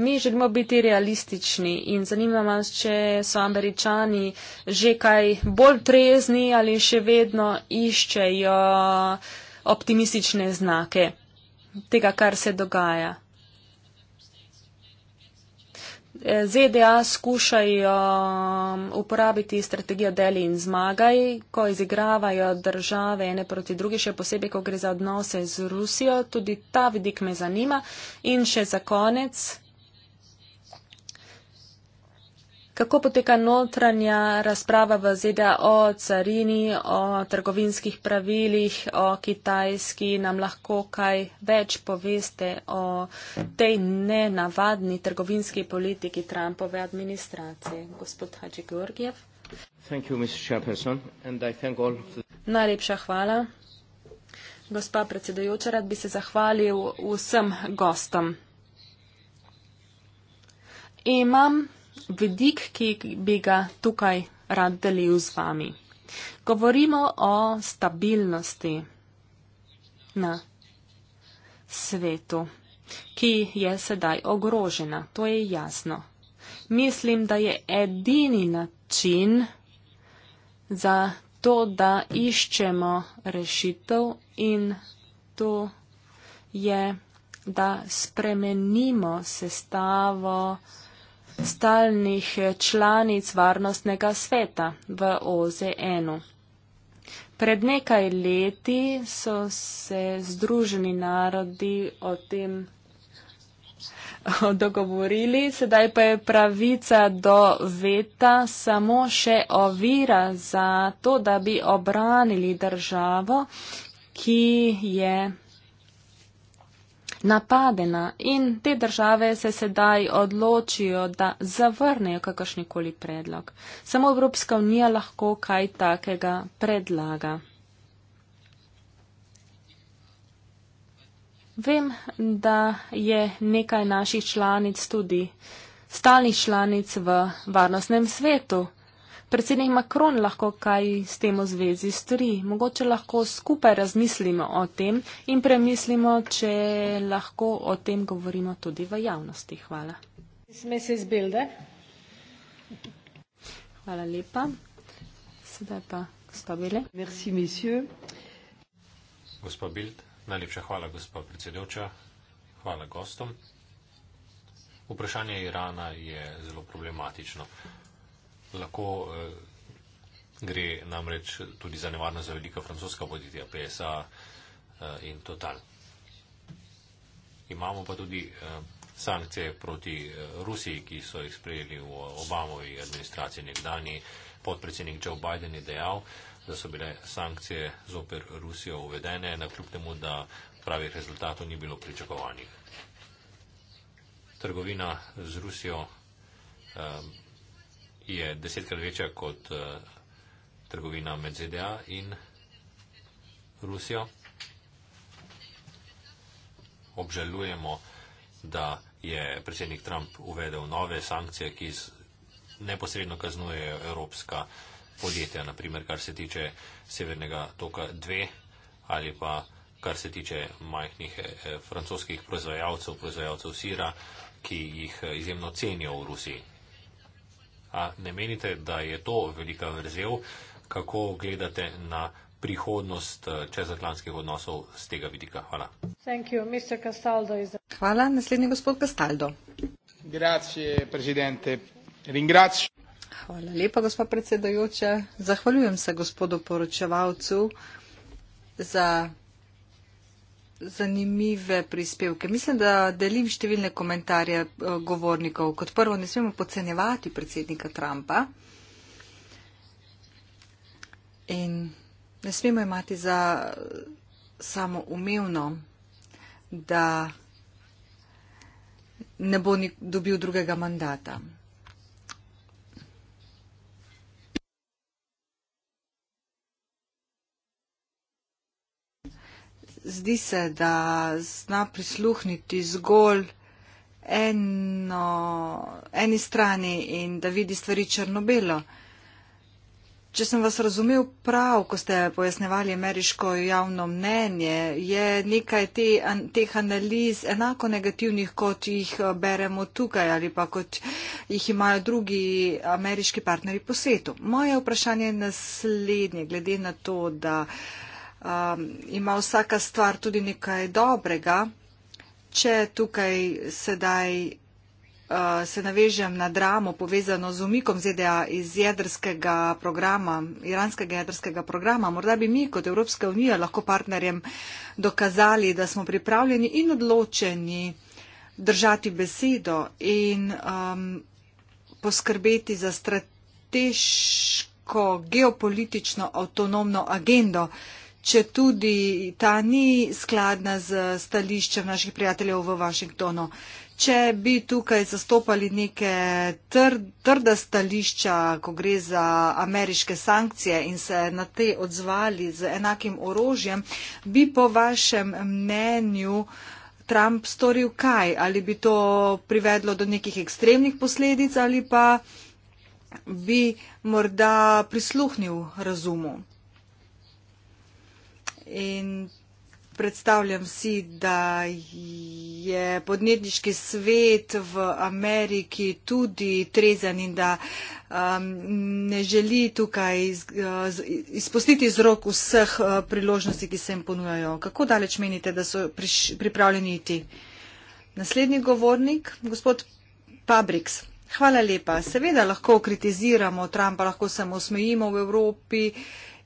A: Mi želimo biti realistični in zanima nas, če so američani že kaj bolj trezni ali še vedno iščejo optimistične znake tega, kar se dogaja. ZDA skušajo um, uporabiti strategijo deli in zmagaj, ko izigravajo države ene proti drugi, še posebej, ko gre za odnose z Rusijo. Tudi ta vidik me zanima. In še za konec. kako poteka notranja razprava v ZDA o carini, o trgovinskih pravilih, o kitajski, nam lahko kaj več poveste o tej nenavadni trgovinski politiki Trumpove administracije. Gospod Hadži Georgijev. Najlepša hvala. Gospa predsedujoča, rad bi se zahvalil vsem gostom. Imam vidik, ki bi ga tukaj rad delil z vami. Govorimo o stabilnosti na svetu, ki je sedaj ogrožena, to je jasno. Mislim, da je edini način za to, da iščemo rešitev in to je, da spremenimo sestavo, stalnih eh, članic varnostnega sveta v OZN-u. Pred nekaj leti so se združeni narodi o tem dogovorili, sedaj pa je pravica do veta samo še ovira za to, da bi obranili državo, ki je napadena in te države se sedaj odločijo, da zavrnejo kakršnikoli predlog. Samo Evropska unija lahko kaj takega predlaga. Vem, da je nekaj naših članic tudi stalnih članic v varnostnem svetu. Predsednik Macron lahko kaj s tem v zvezi stori. Mogoče lahko skupaj razmislimo o tem in premislimo, če lahko o tem govorimo tudi v javnosti. Hvala. Hvala lepa. Sedaj pa gospodile.
B: Gospod Bild, najlepša hvala, gospod predsedujoča. Hvala gostom. Vprašanje Irana je zelo problematično lahko eh, gre namreč tudi za nevarno za velika francoska podjetja, PSA eh, in Total. Imamo pa tudi eh, sankcije proti eh, Rusiji, ki so jih sprejeli v Obamovi administraciji nekdani. Podpredsednik Joe Biden je dejal, da so bile sankcije zoper Rusijo uvedene, nakljub temu, da pravih rezultatov ni bilo pričakovanih. Trgovina z Rusijo. Eh, je desetkrat večja kot uh, trgovina med ZDA in Rusijo. Obžalujemo, da je predsednik Trump uvedel nove sankcije, ki neposredno kaznujejo evropska podjetja, naprimer kar se tiče Severnega toka 2 ali pa kar se tiče majhnih eh, francoskih proizvajalcev, proizvajalcev sira, ki jih eh, izjemno cenijo v Rusiji. A ne menite, da je to velika vrzel, kako gledate na prihodnost eh, čezatlantskih odnosov z tega vidika? Hvala.
C: Hvala. Naslednji gospod Castaldo. Hvala lepa, gospod predsedajoča. Zahvaljujem se gospodu poročevalcu za zanimive prispevke. Mislim, da delim številne komentarje eh, govornikov. Kot prvo, ne smemo podcenjevati predsednika Trumpa in ne smemo imati za eh, samo umevno, da ne bo dobil drugega mandata. zdi se, da zna prisluhniti zgolj eno, eni strani in da vidi stvari črno-belo. Če sem vas razumel prav, ko ste pojasnevali ameriško javno mnenje, je nekaj te, an, teh analiz enako negativnih, kot jih eh, beremo tukaj ali pa kot jih imajo drugi ameriški partneri po svetu. Moje vprašanje je naslednje, glede na to, da uh, um, ima vsaka stvar tudi nekaj dobrega. Če tukaj sedaj uh, se navežem na dramo povezano z umikom ZDA iz jedrskega programa, iranskega jedrskega programa, morda bi mi kot Evropska unija lahko partnerjem dokazali, da smo pripravljeni in odločeni držati besedo in um, poskrbeti za strateško geopolitično avtonomno agendo. Uh, če tudi ta ni skladna z stališčem naših prijateljev v Vašingtonu. Če bi tukaj zastopali neke tr trda stališča, ko gre za ameriške sankcije in se na te odzvali z enakim orožjem, bi po vašem mnenju Trump storil kaj? Ali bi to privedlo do nekih ekstremnih posledic ali pa bi morda prisluhnil razumu? in predstavljam si, da je podnetniški svet v Ameriki tudi trezen in da um, ne želi tukaj iz, uh, iz, izpustiti z rok vseh uh, priložnosti, ki se jim ponujajo. Kako daleč menite, da so priš, pripravljeni iti? Naslednji govornik, gospod Pabriks. Hvala lepa. Seveda lahko kritiziramo Trumpa, lahko samo smejimo v Evropi. Uh,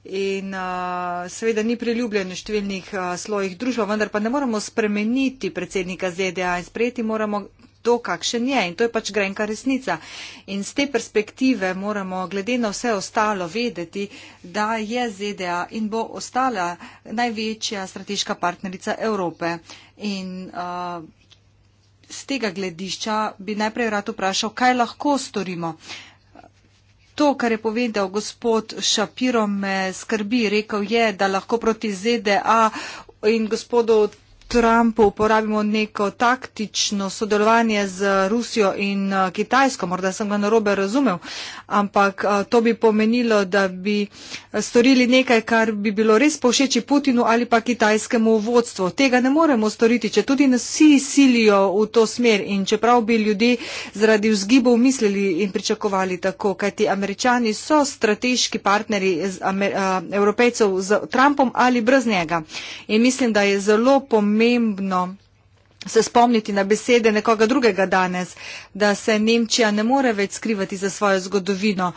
C: in uh, seveda ni priljubljen v številnih uh, slojih družbe, vendar pa ne moremo spremeniti predsednika ZDA in sprejeti moramo to, kakšen je. In to je pač grenka resnica. In z te perspektive moramo, glede na vse ostalo, vedeti, da je ZDA in bo ostala največja strateška partnerica Evrope. In uh, z tega gledišča bi najprej rad vprašal, kaj lahko storimo. Uh, To, kar je povedal gospod Šapiro, me skrbi. Rekl je, da lahko proti ZDA in gospodu Trumpu uporabimo neko taktično sodelovanje z Rusijo in eh, Kitajsko, morda sem ga narobe razumel, ampak eh, to bi pomenilo, da bi eh, storili nekaj, kar bi bilo res povšeči Putinu ali pa kitajskemu vodstvu. Tega ne moremo storiti, če tudi nas vsi silijo v to smer in čeprav bi ljudje zaradi vzgibov mislili in pričakovali tako, kajti američani so strateški partneri Amer Evropejcev z Trumpom ali brez njega. In mislim, da je zelo pomembno, pomembno se spomniti na besede nekoga drugega danes, da se Nemčija ne more več skrivati za svojo zgodovino,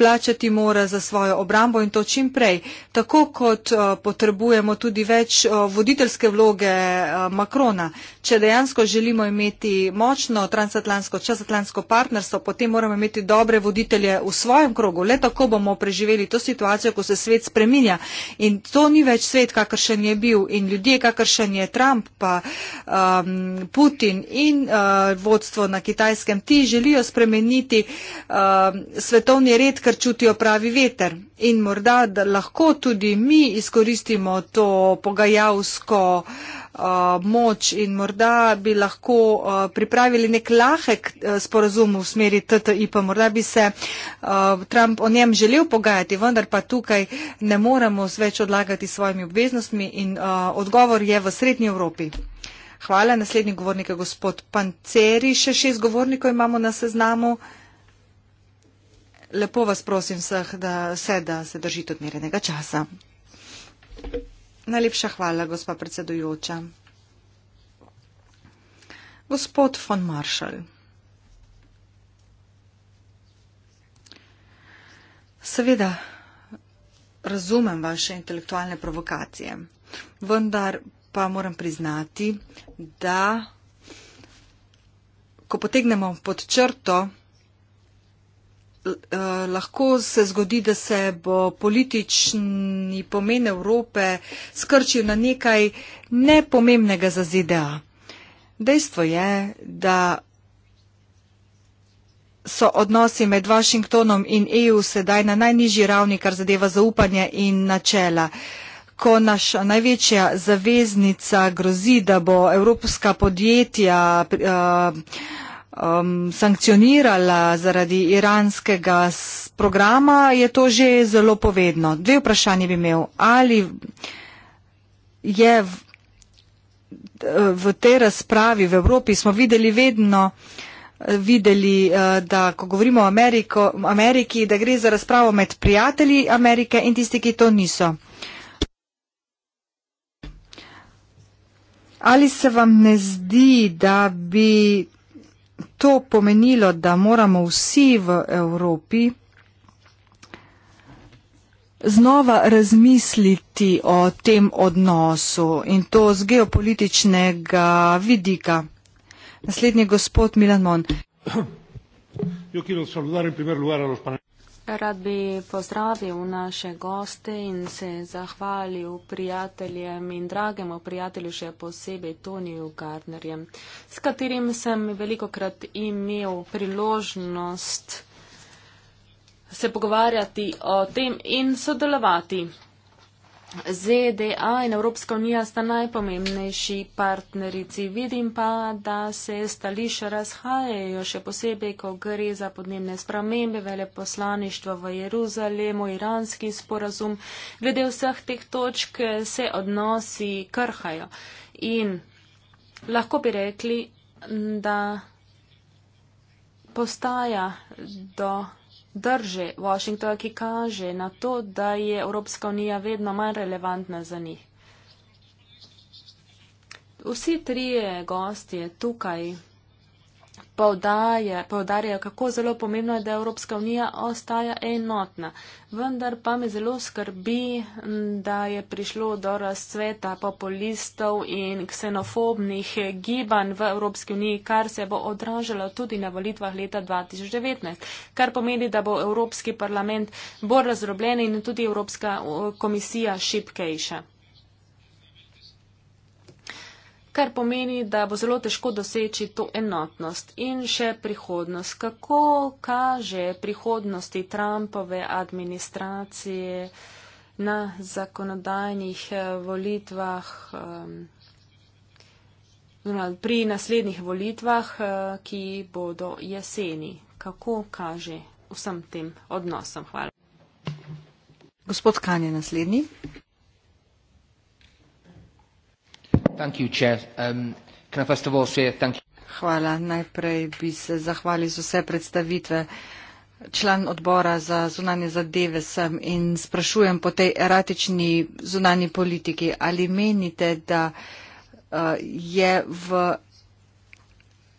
C: plačati mora za svojo obrambo in to čim prej. Tako kot eh, potrebujemo tudi več eh, voditeljske vloge eh, Makrona. Če dejansko želimo imeti močno transatlantsko, čezatlantsko partnerstvo, potem moramo imeti dobre voditelje v svojem krogu. Le tako bomo preživeli to situacijo, ko se svet spreminja. In to ni več svet, kakršen je bil. In ljudje, kakršen je Trump, pa um, Putin in uh, vodstvo na kitajskem, ti želijo spremeniti uh, svetovni red, ker čutijo pravi veter. In morda lahko tudi mi izkoristimo to pogajalsko uh, moč in morda bi lahko uh, pripravili nek lahek uh, sporozum v smeri TTIP. Morda bi se uh, Trump o njem želel pogajati, vendar pa tukaj ne moramo več odlagati svojimi obveznostmi in uh, odgovor je v srednji Evropi. Hvala. Naslednji govornik je gospod Panceri. Še šest govornikov imamo na seznamu lepo vas prosim vseh, da se, da se držite odmerenega časa. Najlepša hvala, gospa predsedujoča. Gospod von Marshall. Seveda, razumem vaše intelektualne provokacije, vendar pa moram priznati, da ko potegnemo pod črto, Eh, lahko se zgodi, da se bo politični pomen Evrope skrčil na nekaj nepomembnega za ZDA. Dejstvo je, da so odnosi med Washingtonom in EU sedaj na najnižji ravni, kar zadeva zaupanje in načela. Ko naša največja zaveznica grozi, da bo evropska podjetja uh, um, sankcionirala zaradi iranskega programa, je to že zelo povedno. Dve vprašanje bi imel. Ali je v, v tej razpravi v Evropi smo videli vedno, videli, uh, da ko govorimo o Ameriko, Ameriki, da gre za razpravo med prijatelji Amerike in tisti, ki to niso. Ali se vam ne zdi, da bi to pomenilo, da moramo vsi v Evropi znova razmisliti o tem odnosu in to z geopolitičnega vidika. Naslednji gospod Milan Mon.
B: Yo quiero saludar en primer lugar a los paneles.
A: Rad bi pozdravil naše goste in se zahvalil prijateljem in dragemu prijatelju, še posebej Toniju Gardnerju, s katerim sem veliko krat imel priložnost se pogovarjati o tem in sodelovati. ZDA in Evropska unija sta najpomembnejši partnerici. Vidim pa, da se stališče razhajajo, še posebej, ko gre za podnebne spremembe, veleposlaništvo v Jeruzalemu, iranski sporazum. Glede vseh teh točk se odnosi krhajo. In lahko bi rekli, da postaja do drže Washington, ki kaže na to, da je Evropska unija vedno manj relevantna za njih. Vsi trije gostje tukaj poudarjajo, kako zelo pomembno je, da Evropska unija ostaja enotna. Vendar pa me zelo skrbi, da je prišlo do razcveta populistov in ksenofobnih gibanj v Evropski uniji, kar se bo odražalo tudi na volitvah leta 2019, kar pomeni, da bo Evropski parlament bolj razrobljen in tudi Evropska komisija šipkejša kar pomeni, da bo zelo težko doseči to enotnost in še prihodnost. Kako kaže prihodnosti Trumpove administracije na zakonodajnih eh, volitvah, pri naslednjih volitvah, eh, ki bodo jeseni? Kako kaže vsem tem odnosom? Hvala.
C: Gospod Kanje, naslednji. Um, Hvala. Najprej bi se zahvalil za vse predstavitve. Član odbora za zunanje zadeve sem in sprašujem po tej eratični zunanji politiki, ali menite, da uh, je v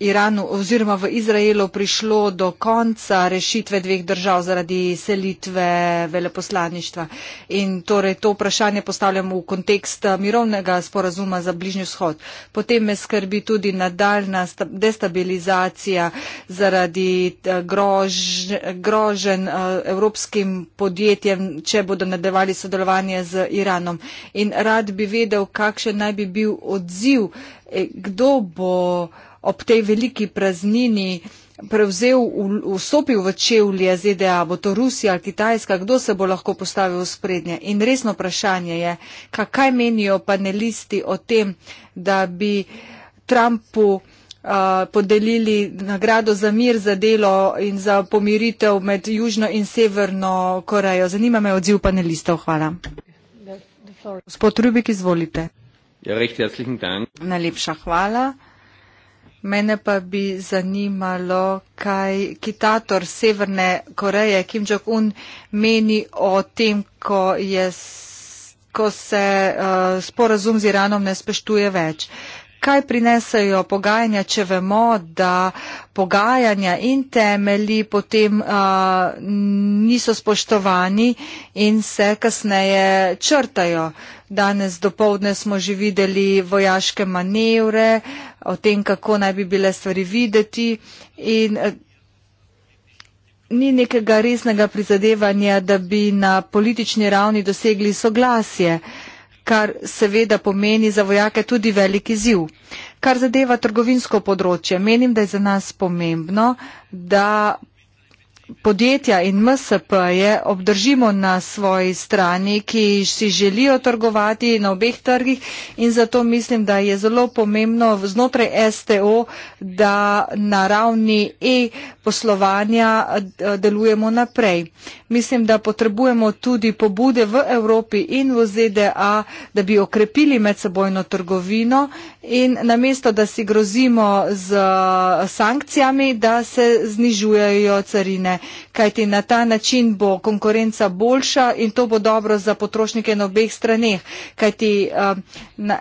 C: Iranu oziroma v Izraelu prišlo do konca rešitve dveh držav zaradi selitve veleposlaništva. In torej to vprašanje postavljamo v kontekst eh, mirovnega sporazuma za bližnji vzhod. Potem me skrbi tudi nadaljna destabilizacija zaradi eh, grož, grožen eh, evropskim podjetjem, če bodo nadaljevali sodelovanje z Iranom. In rad bi vedel, kakšen naj bi bil odziv, kdo bo ob tej veliki praznini prevzel, vstopil v čevlje ZDA, bo to Rusija ali Kitajska, kdo se bo lahko postavil v sprednje. In resno vprašanje je, kaj menijo panelisti o tem, da bi Trumpu Uh, podelili nagrado za mir, za delo in za pomiritev med Južno in Severno Korejo. Zanima me odziv panelistov. Hvala. Gospod Rubik, izvolite. Ja, Najlepša hvala. Mene pa bi zanimalo, kaj kitator Severne Koreje Kim Jong-un meni o tem, ko, je, ko se uh, sporazum z Iranom ne spoštuje več. Uh, kaj prinesejo pogajanja, če vemo, da pogajanja in temelji potem uh, niso spoštovani in se kasneje črtajo. Danes dopovdne smo že videli vojaške manevre o tem, kako naj bi bile stvari videti in ni nekega resnega prizadevanja, da bi na politični ravni dosegli soglasje. Uh, kar seveda pomeni za vojake tudi velik izziv. Kar zadeva trgovinsko področje, menim, da je za nas pomembno, da podjetja in MSP-je obdržimo na svoji strani, ki si želijo trgovati na obeh trgih in zato mislim, da je zelo pomembno znotraj STO, da na ravni e-poslovanja delujemo naprej. Mislim, da potrebujemo tudi pobude v Evropi in v ZDA, da bi okrepili medsebojno trgovino in namesto, da si grozimo z sankcijami, da se znižujejo carine kajti na ta način bo konkurenca boljša in to bo dobro za potrošnike na obeh straneh. Kajti, eh, na,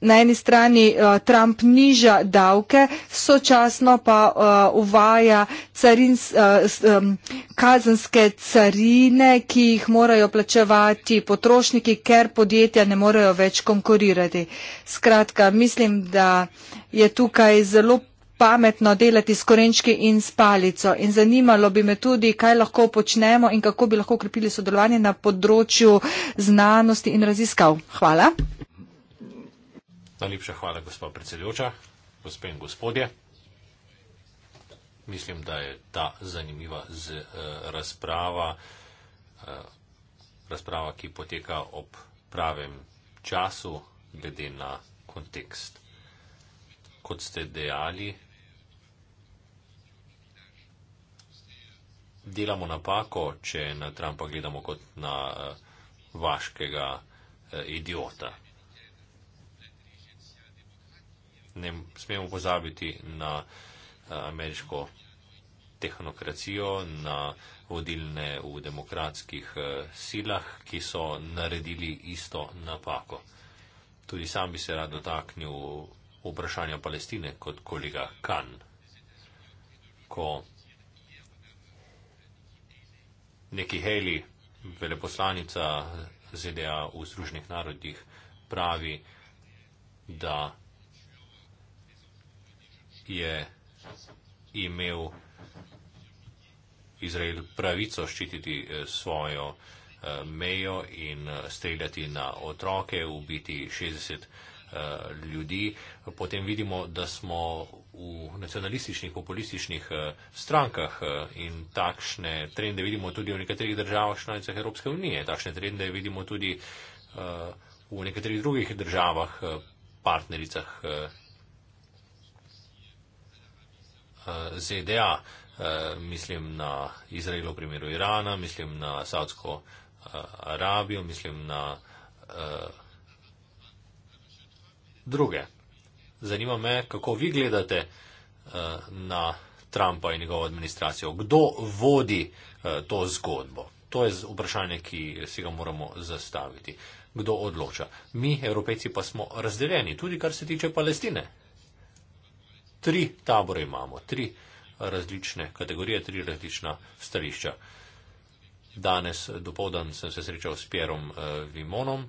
C: Na eni strani uh, Trump niža davke, sočasno pa uh, uvaja carins, uh, um, kazenske carine, ki jih morajo plačevati potrošniki, ker podjetja ne morejo več konkurirati. Skratka, mislim, da je tukaj zelo pametno delati s korenčki in s palico. In zanimalo bi me tudi, kaj lahko počnemo in kako bi lahko ukrepili sodelovanje na področju znanosti in raziskav. Hvala.
B: Najlepša hvala, gospod predsedujoča, gospe in gospodje. Mislim, da je ta zanimiva z, eh, razprava, eh, razprava, ki poteka ob pravem času, glede na kontekst. Kot ste dejali, delamo napako, če na Trumpa gledamo kot na eh, vaškega eh, idiota. Ne smemo pozabiti na eh, ameriško tehnokracijo, na vodilne v demokratskih silah, ki so naredili isto napako. Tudi sam bi se rad dotaknil vprašanja Palestine kot kolega Kan, ko Neki Heli, veleposlanica ZDA v Združenih narodih, pravi, da je imel Izrael pravico ščititi eh, svojo eh, mejo in eh, streljati na otroke, ubiti 60 Eh, ljudi, potem vidimo, da smo v nacionalističnih, populističnih eh, strankah eh, in takšne trende vidimo tudi v nekaterih državah članicah Evropske unije, takšne trende vidimo tudi v nekaterih drugih državah, partnericah ZDA, mislim na Izraelo v primeru Irana, mislim na Saudsko Arabijo, mislim na druge. Zanima me, kako vi gledate eh, na Trumpa in njegovo administracijo. Kdo vodi eh, to zgodbo? To je vprašanje, ki si ga moramo zastaviti. Kdo odloča? Mi, evropejci, pa smo razdeljeni, tudi kar se tiče Palestine. Tri tabore imamo, tri različne kategorije, tri različna stališča. Danes dopoledan sem se srečal s Pierom eh, Vimonom,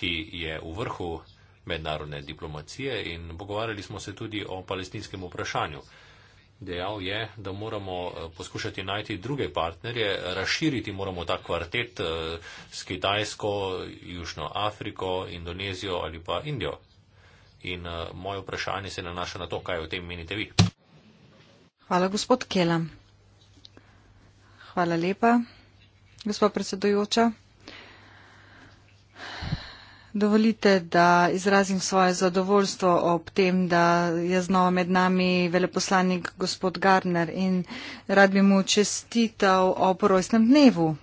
B: ki je v vrhu mednarodne diplomacije in pogovarjali smo se tudi o palestinskem vprašanju. Dejal je, da moramo eh, poskušati najti druge partnerje, razširiti moramo ta kvartet eh, s Kitajsko, Južno Afriko, Indonezijo ali pa Indijo. In eh, moje vprašanje se nanaša na to, kaj o tem menite vi.
C: Hvala, gospod Kela. Hvala lepa, gospod predsedujoča. Dovolite, da izrazim svoje zadovoljstvo ob tem, da je znova med nami veleposlanik gospod Gardner in rad bi mu čestital o porojstnem dnevu.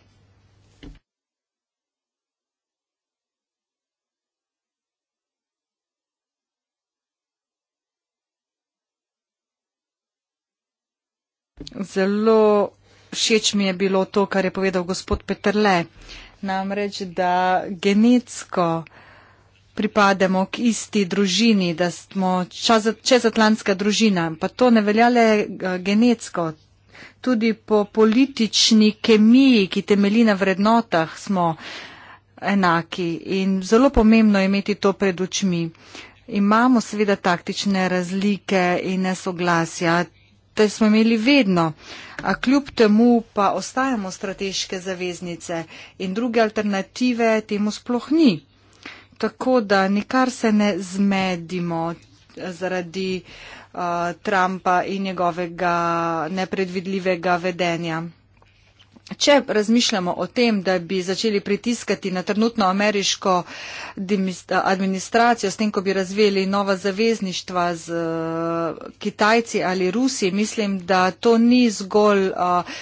C: Zelo všeč mi je bilo to, kar je povedal gospod Peterle. Uh, namreč, da genetsko pripademo k isti družini, da smo čezatlantska družina, pa to ne velja le eh, genetsko. Tudi po politični kemiji, ki temelji na vrednotah, smo enaki in zelo pomembno je imeti to pred očmi. Imamo seveda taktične razlike in nesoglasja te smo imeli vedno, a kljub temu pa ostajamo strateške zaveznice in druge alternative temu sploh ni. Tako da nikar se ne zmedimo zaradi uh, Trumpa in njegovega nepredvidljivega vedenja. Če razmišljamo o tem, da bi začeli pritiskati na trenutno ameriško administracijo s tem, ko bi razvijeli nova zavezništva z eh, Kitajci ali Rusi, mislim, da to ni zgolj eh,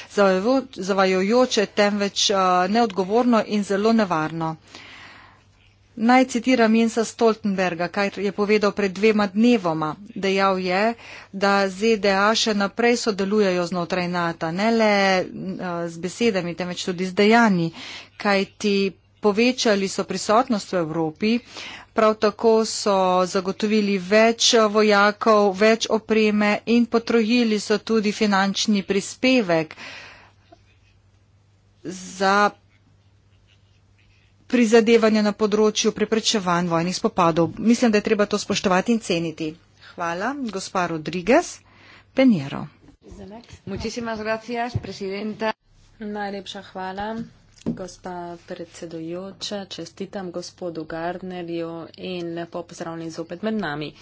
C: zavajajoče, temveč eh, neodgovorno in zelo nevarno. Naj citiram Jensa Stoltenberga, kaj je povedal pred dvema dnevoma. Dejal je, da ZDA še naprej sodelujejo znotraj NATO, ne le eh, z besedami, temveč tudi z dejanji, kaj ti povečali so prisotnost v Evropi, prav tako so zagotovili več eh, vojakov, več opreme in potrojili so tudi finančni prispevek za prizadevanja na področju preprečevanj vojnih spopadov. Mislim, da je treba to spoštovati in ceniti. Hvala, gospa Rodriguez. Penjero.
A: Najlepša hvala, gospa predsedujoča. Čestitam gospodu Gardnerju in lepo pozdravljeni zopet med nami.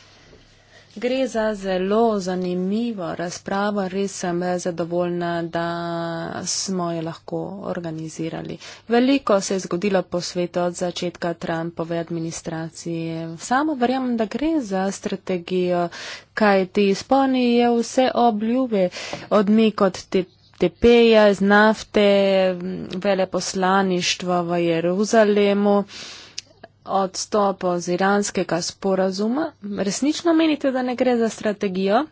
A: Gre za zelo zanimivo razpravo, res sem zadovoljna, da smo jo lahko organizirali. Veliko se je zgodilo po svetu od začetka Trumpove administracije. Samo verjamem, da gre za strategijo, kaj ti izpolnijo vse obljube od mi kot te. Tepeja, znafte, veleposlaništva v Jeruzalemu odstopa od iranskega sporazuma, resnično menite, da ne gre za strategijo?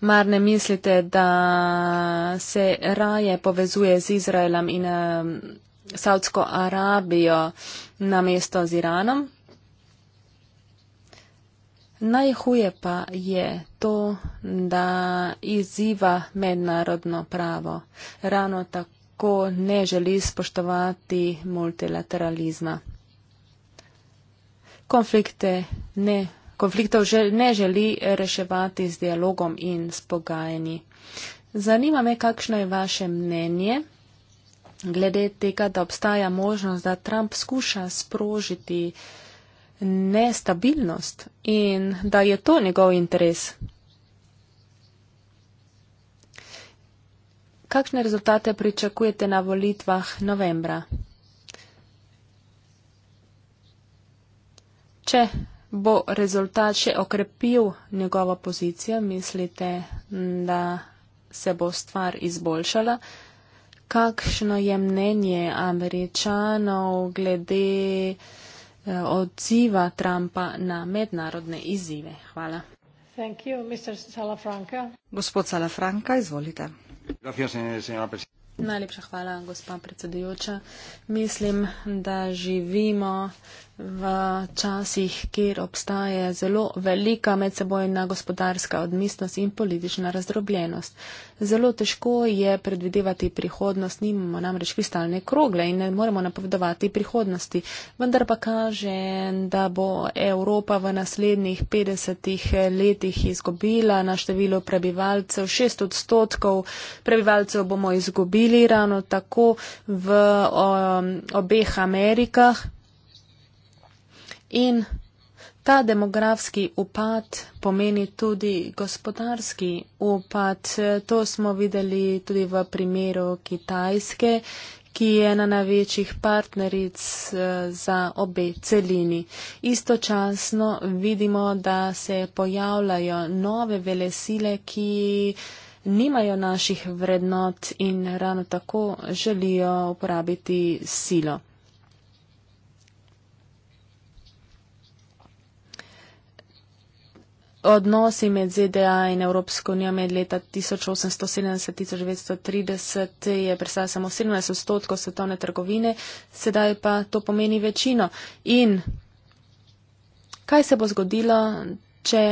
A: Mar ne mislite, da se raje povezuje z Izraelom in um, Saudsko Arabijo na mesto z Iranom? Najhuje pa je to, da izziva mednarodno pravo. Rano tako ne želi spoštovati multilateralizma konflikte ne, konfliktov žel, ne želi reševati z dialogom in s pogajanji. Zanima me, kakšno je vaše mnenje glede tega, da obstaja možnost, da Trump skuša sprožiti nestabilnost in da je to njegov interes. Kakšne rezultate pričakujete na volitvah novembra? Če bo rezultat še okrepil njegovo pozicijo, mislite, da se bo stvar izboljšala? Kakšno je mnenje američanov glede eh, odziva Trumpa na mednarodne izzive? Hvala. You,
C: Gospod Salafranka, izvolite.
B: Eh,
A: Najlepša hvala, gospa predsedujoča. Mislim, da živimo v časih, kjer obstaje zelo velika medsebojna gospodarska odmisnost in politična razdrobljenost. Zelo težko je predvidevati prihodnost, nimamo namreč kristalne krogle in ne moremo napovedovati prihodnosti, vendar pa kaže, da bo Evropa v naslednjih 50 letih izgubila na število prebivalcev, 6 odstotkov prebivalcev bomo izgubili ravno tako v o, obeh Amerikah, In ta demografski upad pomeni tudi gospodarski upad. To smo videli tudi v primeru Kitajske, ki je ena največjih partneric eh, za obe celini. Istočasno vidimo, da se pojavljajo nove velesile, ki nimajo naših vrednot in ravno tako želijo uporabiti silo. odnosi med ZDA in Evropsko unijo med leta 1870-1930 je predstavljala samo 17 odstotkov svetovne trgovine, sedaj pa to pomeni večino. In kaj se bo zgodilo? Če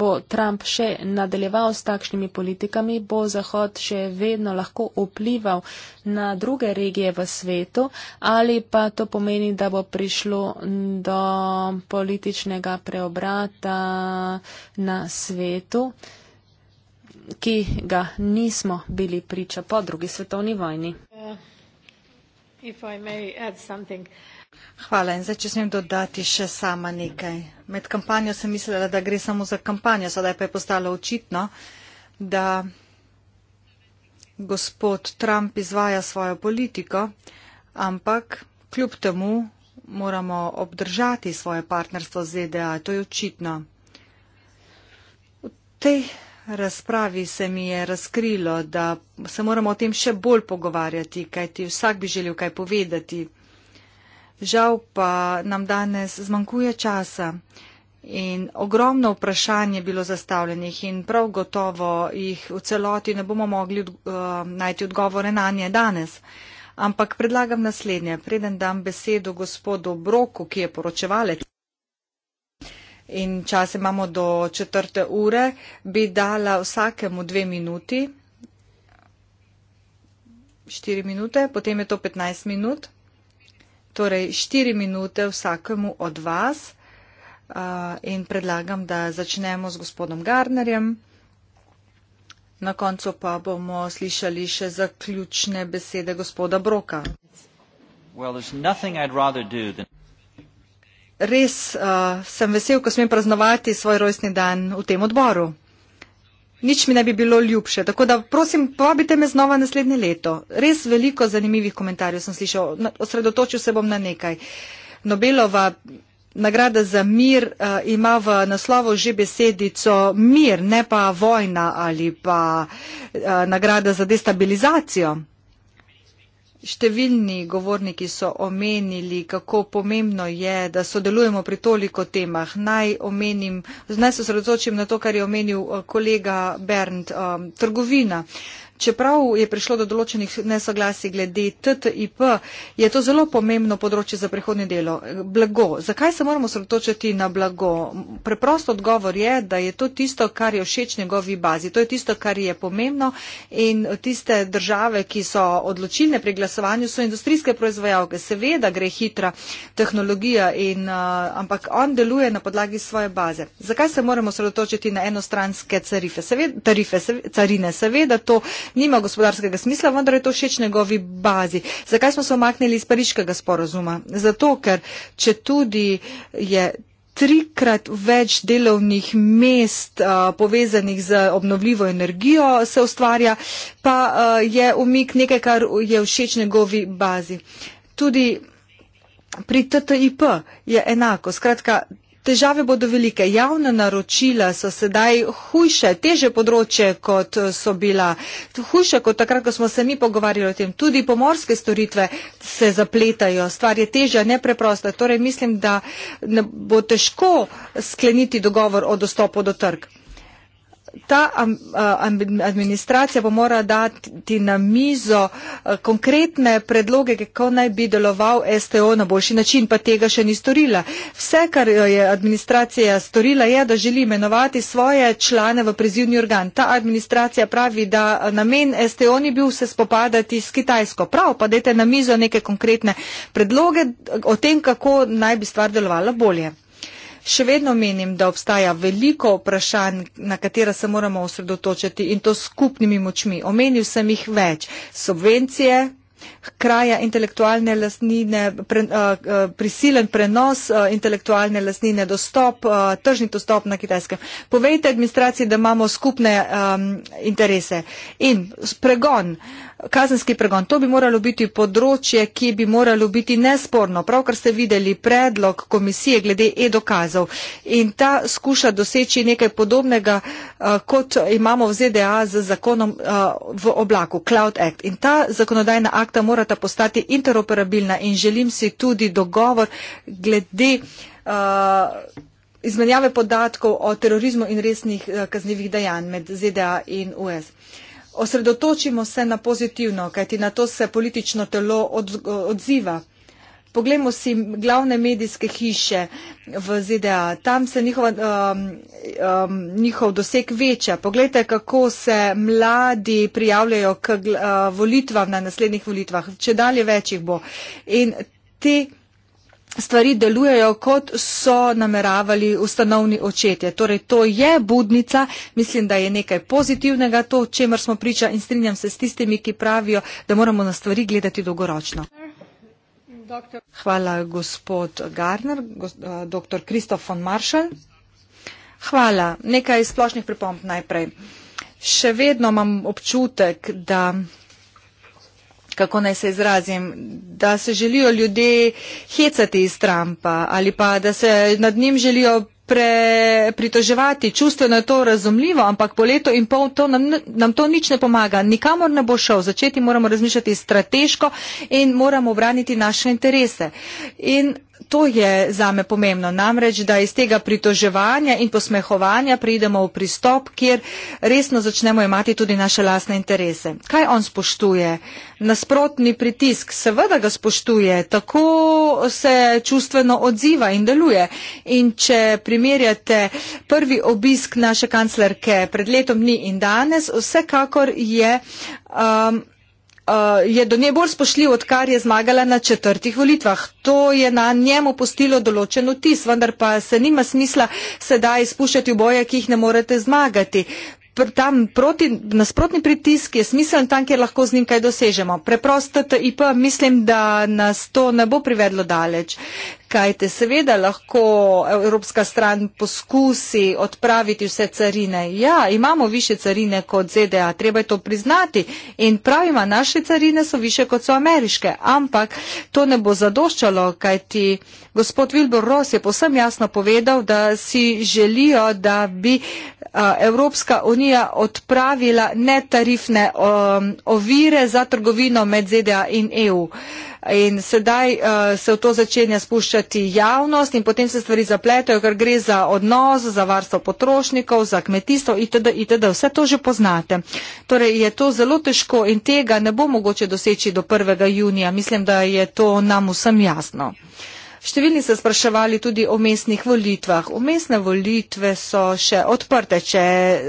A: bo Trump še nadaljeval s takšnimi politikami, bo Zahod še vedno lahko vplival na druge regije v svetu ali pa to pomeni, da bo prišlo do političnega preobrata na svetu, ki ga nismo bili priča po drugi svetovni vojni.
B: Uh,
C: Hvala. In zdaj, če smem dodati še sama nekaj. Med kampanjo sem mislila, da gre samo za kampanjo, sedaj pa je postalo očitno, da gospod Trump izvaja svojo politiko, ampak kljub temu moramo obdržati svoje partnerstvo z ZDA. To je očitno. V tej razpravi se mi je razkrilo, da se moramo o tem še bolj pogovarjati, kajti vsak bi želel kaj povedati. Žal pa nam danes zmanjkuje časa in ogromno vprašanje bilo zastavljenih in prav gotovo jih v celoti ne bomo mogli od, uh, eh, najti odgovore na nje danes. Ampak predlagam naslednje, preden dam besedo gospodu Broku, ki je poročevalec. In čas imamo do četrte ure, bi dala vsakemu dve minuti, štiri minute, potem je to 15 minut torej štiri minute vsakemu od vas uh, in predlagam, da začnemo z gospodom Garnerjem. Na koncu pa bomo slišali še zaključne besede gospoda Broka. Well, than... Res uh, sem vesel, ko smem praznovati svoj rojstni dan v tem odboru nič mi ne bi bilo ljubše. Tako da prosim, povabite me znova naslednje leto. Res veliko zanimivih komentarjev sem slišal. Osredotočil se bom na nekaj. Nobelova nagrada za mir uh, ima v naslovu že besedico mir, ne pa vojna ali pa uh, nagrada za destabilizacijo. Številni govorniki so omenili, kako pomembno je, da sodelujemo pri toliko temah. Naj, omenim, naj se sredozočim na to, kar je omenil eh, kolega Bernd, eh, trgovina. Čeprav je prišlo do določenih nesoglasij glede TTIP, je to zelo pomembno področje za prihodnje delo. Blago. Zakaj se moramo sredotočiti na blago? Preprost odgovor je, da je to tisto, kar je všeč njegovi bazi. To je tisto, kar je pomembno in tiste države, ki so odločilne pri glasovanju, so industrijske proizvajalke. Seveda gre hitra tehnologija, in, uh, ampak on deluje na podlagi svoje baze. Zakaj se moramo sredotočiti na enostranske tarife? Seveda, tarife, seveda, carine? Seveda to nima gospodarskega smisla, vendar je to všeč njegovi bazi. Zakaj smo se omaknili iz pariškega sporozuma? Zato, ker če tudi je trikrat več delovnih mest uh, povezanih z obnovljivo energijo se ustvarja, pa uh, je umik nekaj, kar je všeč njegovi bazi. Tudi pri TTIP je enako. Skratka, Težave bodo velike. Javna naročila so sedaj hujše, teže področje, kot so bila. Hujše kot takrat, ko smo se mi pogovarjali o tem. Tudi pomorske storitve se zapletajo. Stvar je težja, nepreprosta. Torej mislim, da ne bo težko skleniti dogovor o dostopu do trga ta administracija bo morala dati na mizo konkretne predloge, kako naj bi deloval STO na boljši način, pa tega še ni storila. Vse, kar je administracija storila, je, da želi imenovati svoje člane v prezivni organ. Ta administracija pravi, da namen STO ni bil se spopadati s Kitajsko. Prav, pa dajte na mizo neke konkretne predloge o tem, kako naj bi stvar delovala bolje še vedno menim, da obstaja veliko vprašanj, na katera se moramo osredotočiti in to skupnimi močmi. Omenil sem jih več. Subvencije, kraja intelektualne lastnine, pre, eh, eh, prisilen prenos eh, intelektualne lastnine, dostop, tržni dostop na kitajskem. Povejte administraciji, da imamo skupne um, interese in pregon kazenski pregon. To bi moralo biti področje, ki bi moralo biti nesporno. Pravkar ste videli predlog komisije glede e-dokazov in ta skuša doseči nekaj podobnega, eh, kot imamo v ZDA z zakonom eh, v oblaku Cloud Act. In ta zakonodajna akta morata postati interoperabilna in želim si tudi dogovor glede eh, izmenjave podatkov o terorizmu in resnih kaznevih dejanj med ZDA in USA osredotočimo se na pozitivno, kajti na to se politično telo od, odziva. Poglejmo si glavne medijske hiše v ZDA. Tam se njihova, um, um, njihov doseg veča. Poglejte, kako se mladi prijavljajo k uh, volitvam na naslednjih volitvah. Če dalje večjih bo. In te stvari delujejo, kot so nameravali ustanovni očetje. Torej, to je budnica, mislim, da je nekaj pozitivnega, to, čemer smo priča in strinjam se s tistimi, ki pravijo, da moramo na stvari gledati dolgoročno. Hvala, gospod Garner, eh, dr. Kristof von Marshall. Hvala. Nekaj splošnih pripomp najprej. Še vedno imam občutek, da kako naj se izrazim, da se želijo ljudje hecati iz Trumpa ali pa da se nad njim želijo pritoževati, čustveno je to razumljivo, ampak po letu in pol to nam, nam to nič ne pomaga, nikamor ne bo šel, začeti moramo razmišljati strateško in moramo obraniti naše interese. In to je zame pomembno. Namreč, da iz tega pritoževanja in posmehovanja pridemo v pristop, kjer resno začnemo imati tudi naše lasne interese. Kaj on spoštuje? Nasprotni pritisk, seveda ga spoštuje, tako se čustveno odziva in deluje. In če primerjate prvi obisk naše kanclerke pred letom dni in danes, vsekakor je. Um, Eh, je do nje bolj spošljiv, odkar je zmagala na četrtih volitvah. To je na njemu postilo določen vtis, vendar pa se nima smisla sedaj izpuščati v boje, ki jih ne morete zmagati. Tam proti, nasprotni pritisk je smiseln tam, kjer lahko z njim kaj dosežemo. Preprosto TIP mislim, da nas to ne bo privedlo daleč kajte seveda lahko Evropska stran poskusi odpraviti vse carine. Ja, imamo više carine kot ZDA, treba je to priznati in pravima naše carine so više kot so ameriške, ampak to ne bo zadoščalo, kajti gospod Wilbur Ross je posem jasno povedal, da si želijo, da bi Evropska unija odpravila netarifne ovire za trgovino med ZDA in EU in sedaj uh, se v to začenja spuščati javnost in potem se stvari zapletajo, ker gre za odnos, za varstvo potrošnikov, za kmetijstvo itd. itd. Vse to že poznate. Torej je to zelo težko in tega ne bo mogoče doseči do 1. junija. Mislim, da je to nam vsem jasno. Številni se spraševali tudi o mestnih volitvah. Omestne volitve so še odprte, če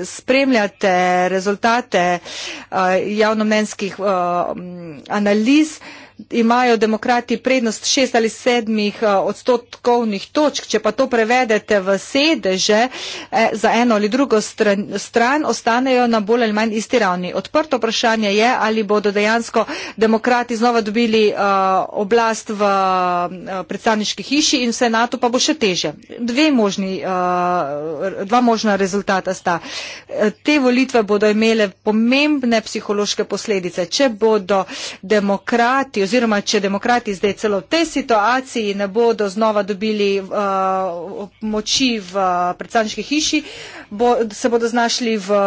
C: spremljate rezultate uh, eh, javnomenskih uh, eh, analiz. Uh, imajo demokrati prednost šest ali sedmih eh, odstotkovnih točk, če pa to prevedete v sedeže eh, za eno ali drugo stran, stran, ostanejo na bolj ali manj isti ravni. Odprto vprašanje je, ali bodo dejansko demokrati znova dobili eh, oblast v predstavniški hiši in vse NATO pa bo še teže. Dve možni, dva možna rezultata sta. Te volitve bodo imele pomembne psihološke posledice. Če bodo demokrati oziroma če demokrati zdaj celo v tej situaciji ne bodo znova dobili uh, moči v eh, predstavniški hiši, bo, se bodo znašli v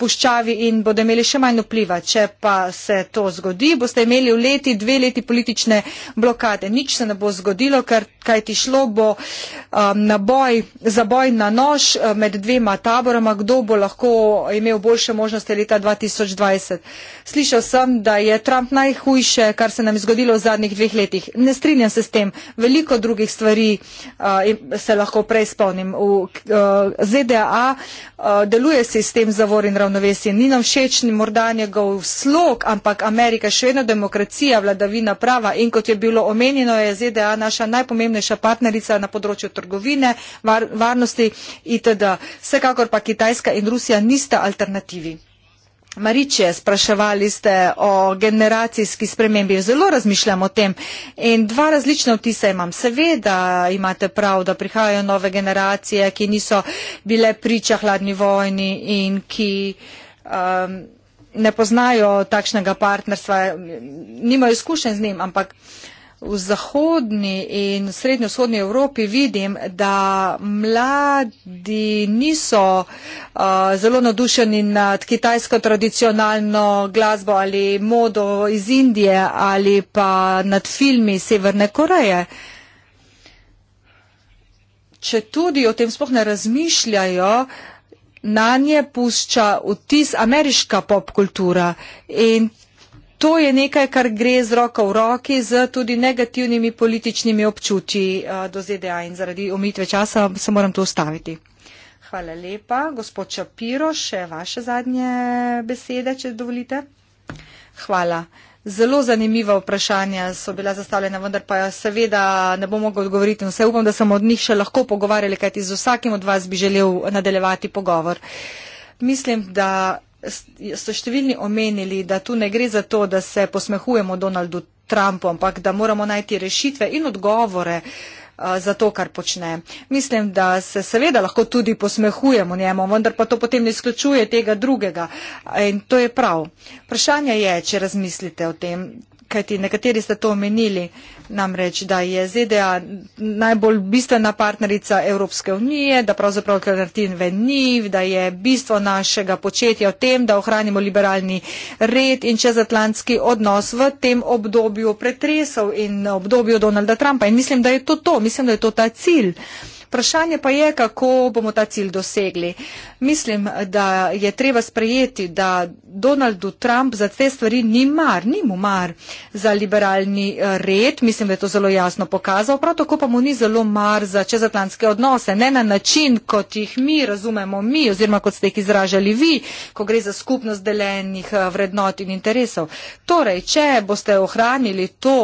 C: puščavi in bodo imeli še manj vpliva. Če pa se to zgodi, boste imeli v leti dve leti politične blokade. Nič se ne bo zgodilo, ker kaj ti šlo bo um, na boj, za boj na nož eh, med dvema taboroma, kdo bo lahko imel boljše možnosti leta 2020. Slišal sem, da je Trump najhujše, kar se nam je zgodilo v zadnjih dveh letih. Ne strinjam se s tem. Veliko drugih stvari uh, se lahko preizpolnim. V uh, eh, ZDA uh, deluje sistem zavor in ravnosti ravnovesje ni nam všeč, ni morda njegov slog, ampak Amerika je še vedno demokracija, vladavina prava in kot je bilo omenjeno, je ZDA naša najpomembnejša partnerica na področju trgovine, var, varnosti itd. Vsekakor pa Kitajska in Rusija nista alternativi. Mariče, spraševali ste o generacijski spremembi. Zelo razmišljam o tem in dva različna vtisa imam. Seveda imate prav, da prihajajo nove generacije, ki niso bile priča hladni vojni in ki um, ne poznajo takšnega partnerstva, nimajo izkušenj z njim, ampak uh, v zahodni in srednjo-shodni Evropi vidim, da mladi niso zelo nadušeni nad kitajsko tradicionalno glasbo ali modo iz Indije ali pa nad filmi Severne Koreje. Če tudi o tem spoh ne razmišljajo, na nje pušča vtis ameriška popkultura in To je nekaj, kar gre z roko v roki z tudi negativnimi političnimi občutji eh, do ZDA in zaradi omitve časa se moram to ustaviti. Hvala lepa. Gospod Čapiro, še vaše zadnje besede, če dovolite. Hvala. Zelo zanimiva vprašanja so bila zastavljena, vendar pa seveda ne bom mogel odgovoriti in vse upam, da sem od njih še lahko pogovarjali, kajti z vsakim od vas bi želel nadaljevati pogovor. Mislim, da so številni omenili, da tu ne gre za to, da se posmehujemo Donaldu Trumpu, ampak da moramo najti rešitve in odgovore uh, za to, kar počne. Mislim, da se seveda lahko tudi posmehujemo njemu, vendar pa to potem ne izključuje tega drugega. In to je prav. Vprašanje je, če razmislite o tem, kajti nekateri ste to omenili, namreč, da je ZDA najbolj bistvena partnerica Evropske unije, da pravzaprav alternativ ni, da je bistvo našega početja v tem, da ohranimo liberalni red in čezatlantski odnos v tem obdobju pretresov in obdobju Donalda Trumpa. In mislim, da je to to, mislim, da je to ta cilj. Vprašanje pa je, kako bomo ta cilj dosegli. Mislim, da je treba sprejeti, da Donaldu Trump za te stvari ni mar, ni mu mar za liberalni eh, red, mislim, da je to zelo jasno pokazal, prav tako pa mu ni zelo mar za čezatlantske odnose, ne na način, kot jih mi razumemo mi oziroma kot ste jih izražali vi, ko gre za skupnost delenih eh, vrednot in interesov. Torej, če boste ohranili to,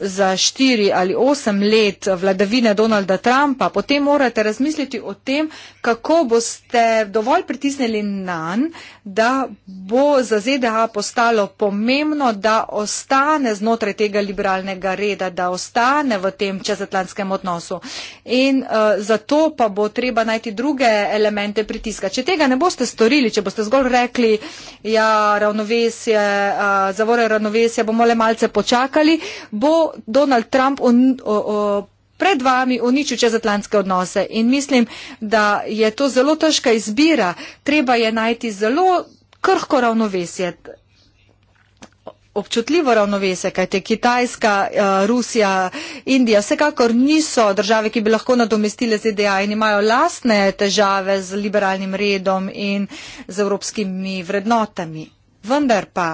C: za štiri ali osem let vladavine Donalda Trumpa, potem morate razmisliti o tem, kako boste dovolj pritisnili na n, da bo za ZDA postalo pomembno, da ostane znotraj tega liberalnega reda, da ostane v tem čezatlantskem odnosu. In uh, zato pa bo treba najti druge elemente pritiska. Če tega ne boste storili, če boste zgolj rekli, ja, ravnovesje, uh, zavore ravnovesja, bomo le malce počakali, bo Donald Trump o, o, o, pred vami uničil čezatlantske odnose. In mislim, da je to zelo težka izbira. Treba je najti zelo krhko ravnovesje. Občutljivo ravnovesje, kajte Kitajska, uh, Rusija, Indija vsekakor niso države, ki bi lahko nadomestile ZDA in imajo lastne težave z liberalnim redom in z evropskimi vrednotami. Vendar pa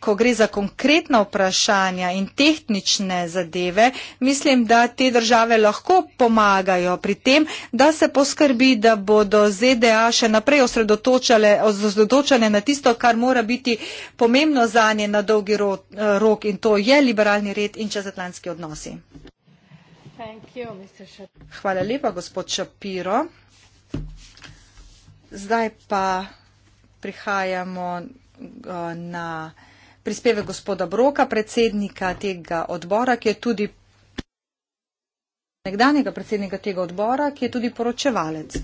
C: ko gre za konkretna vprašanja in tehnične zadeve, mislim, da te države lahko pomagajo pri tem, da se poskrbi, da bodo ZDA še naprej osredotočene na tisto, kar mora biti pomembno za nje na dolgi eh, rok in to je liberalni red in čezatlantski odnosi. Hvala lepa, gospod Šapiro. Zdaj pa prihajamo eh, na prispeve gospoda Broka, predsednika tega odbora, ki je tudi nekdanjega predsednika tega odbora, ki je tudi poročevalec.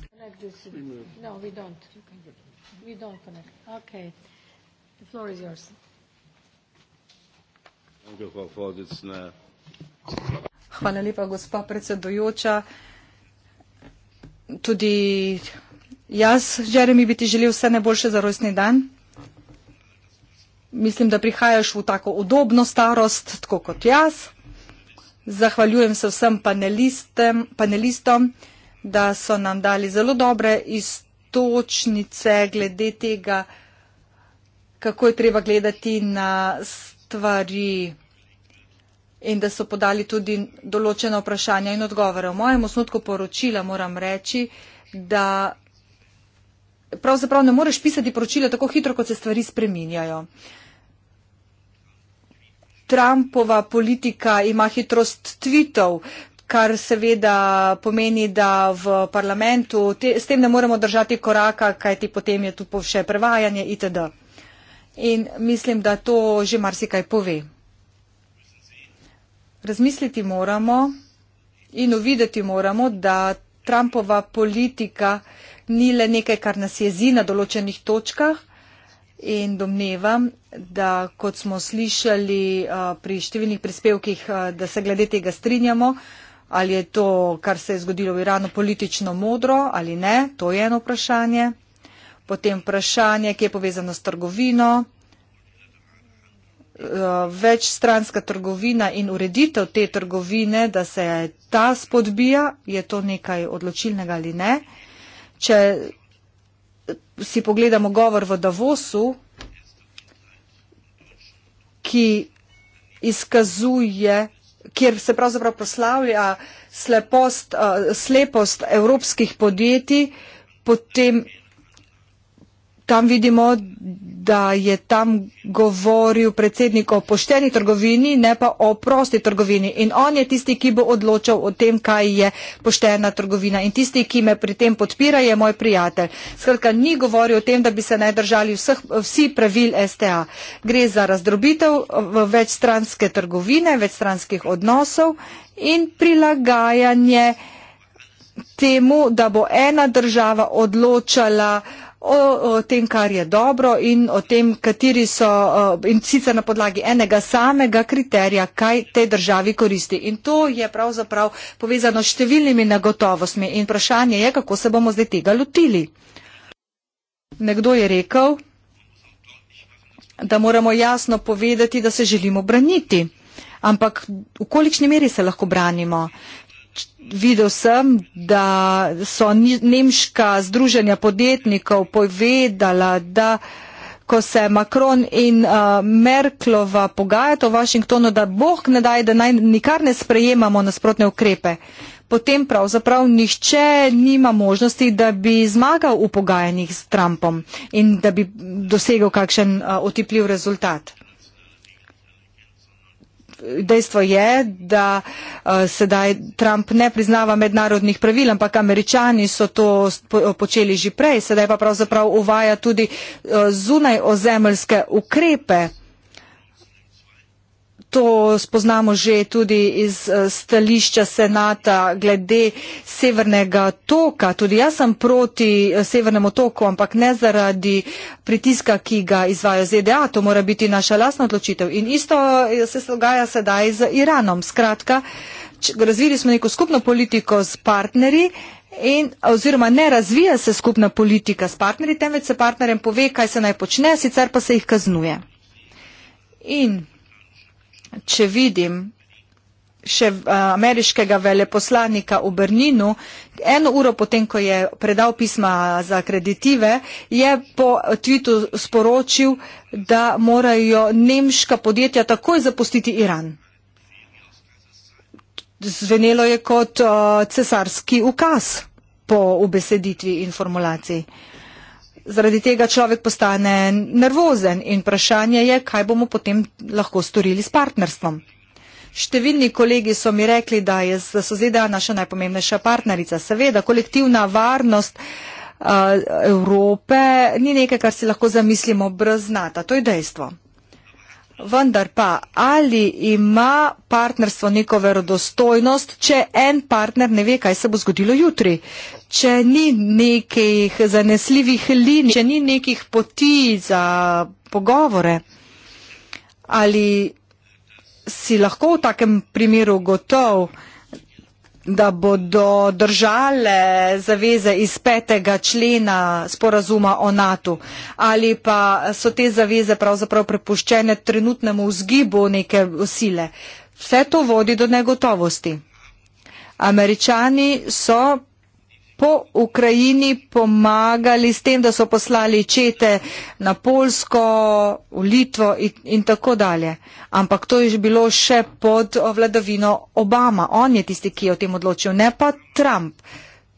C: Hvala lepa, gospa predsedujoča. Tudi jaz, Jeremy, bi ti želel vse najboljše za rojstni dan mislim, da prihajaš v tako udobno starost, tako kot jaz. Zahvaljujem se vsem panelistom, da so nam dali zelo dobre istočnice glede tega, kako je treba gledati na stvari in da so podali tudi določena vprašanja in odgovore. V mojem osnutku poročila moram reči, da pravzaprav ne moreš pisati poročila tako hitro, kot se stvari spreminjajo. Uh, Trumpova politika ima hitrost tvitev, kar seveda pomeni, da v parlamentu te, s tem ne moremo držati koraka, kajti potem je tu še prevajanje itd. In mislim, da to že marsikaj pove. Razmisliti moramo in uvideti moramo, da Trumpova politika ni le nekaj, kar nas jezi na določenih točkah, In domnevam, da kot smo slišali eh, pri številnih prispevkih, eh, da se glede tega strinjamo, ali je to, kar se je zgodilo v Iranu, politično modro ali ne, to je eno vprašanje. Potem vprašanje, ki je povezano s trgovino, eh, večstranska trgovina in ureditev te trgovine, da se ta spodbija, je to nekaj odločilnega ali ne. Če si pogledamo govor v Davosu, ki izkazuje, kjer se pravzaprav proslavlja slepost, eh, slepost evropskih podjetij, potem tam vidimo, da je tam govoril predsednik o pošteni trgovini, ne pa o prosti trgovini. In on je tisti, ki bo odločal o tem, kaj je poštena trgovina. In tisti, ki me pri tem podpira, je moj prijatelj. Skratka, ni govoril o tem, da bi se naj držali vseh, vsi pravil STA. Gre za razdrobitev večstranske trgovine, večstranskih odnosov in prilagajanje temu, da bo ena država odločala, uh, o, o tem, kar je dobro in o tem, kateri so in sicer na podlagi enega samega kriterija, kaj tej državi koristi. In to je pravzaprav povezano s številnimi negotovostmi in vprašanje je, kako se bomo zdaj tega lotili. Nekdo je rekel, da moramo jasno povedati, da se želimo braniti. Ampak v kolikšni meri se lahko branimo? videl sem, da so nemška združenja podjetnikov povedala, da ko se Macron in uh, Merklova pogajata v Washingtonu, da boh ne daj, da naj nikar ne sprejemamo nasprotne ukrepe, potem pravzaprav nihče nima možnosti, da bi zmagal v pogajanjih s Trumpom in da bi dosegel kakšen uh, otipljiv rezultat dejstvo je, da eh, sedaj Trump ne priznava mednarodnih pravil, ampak američani so to počeli že prej, sedaj pa pravzaprav uvaja tudi eh, zunaj ozemljske ukrepe to spoznamo že tudi iz eh, stališča senata glede severnega toka. Tudi jaz sem proti eh, severnemu toku, ampak ne zaradi pritiska, ki ga izvaja ZDA. To mora biti naša lasna odločitev. In isto eh, se dogaja sedaj z Iranom. Skratka, razvili smo neko skupno politiko s partnerji. In, oziroma ne razvija se skupna politika s partnerji, temveč se partnerjem pove, kaj se naj počne, sicer pa se jih kaznuje. In če vidim še eh, ameriškega veleposlanika v Brninu, eno uro potem, ko je predal pisma za kreditive, je po tweetu sporočil, da morajo nemška podjetja takoj zapustiti Iran. Zvenelo je kot eh, cesarski ukaz po ubeseditvi in formulaciji zaradi tega človek postane nervozen in vprašanje je, kaj bomo potem lahko storili s partnerstvom. Številni kolegi so mi rekli, da, je, da so ZDA naša najpomembnejša partnerica. Seveda, kolektivna varnost uh, Evrope ni nekaj, kar si lahko zamislimo brez znata. To je dejstvo. Vendar pa, ali ima partnerstvo neko verodostojnost, če en partner ne ve, kaj se bo zgodilo jutri, če ni nekih zanesljivih linij, če ni nekih poti za pogovore? Ali si lahko v takem primeru gotov, da bodo držale zaveze iz petega člena sporazuma o NATO ali pa so te zaveze pravzaprav prepuščene trenutnemu vzgibu neke sile. Vse to vodi do negotovosti. Američani so po Ukrajini pomagali s tem, da so poslali čete na Polsko, v Litvo in, in tako dalje. Ampak to je že bilo še pod vladavino Obama. On je tisti, ki je o tem odločil, ne pa Trump.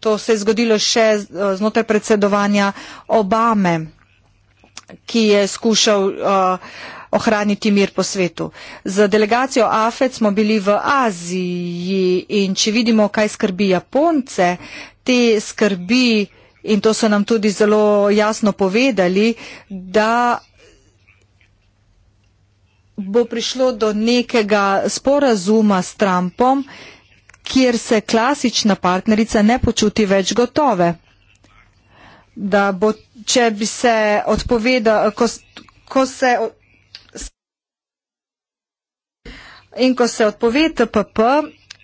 C: To se je zgodilo še eh, znotraj predsedovanja Obame, ki je skušal. Uh, ohraniti mir po svetu. Z delegacijo AFED smo bili v Aziji in če vidimo, kaj skrbi Japonce, te skrbi in to so nam tudi zelo jasno povedali, da bo prišlo do nekega sporazuma s Trumpom, kjer se klasična partnerica ne počuti več gotove. Da bo, če bi se odpovedal, ko, ko se In ko se odpove TPP,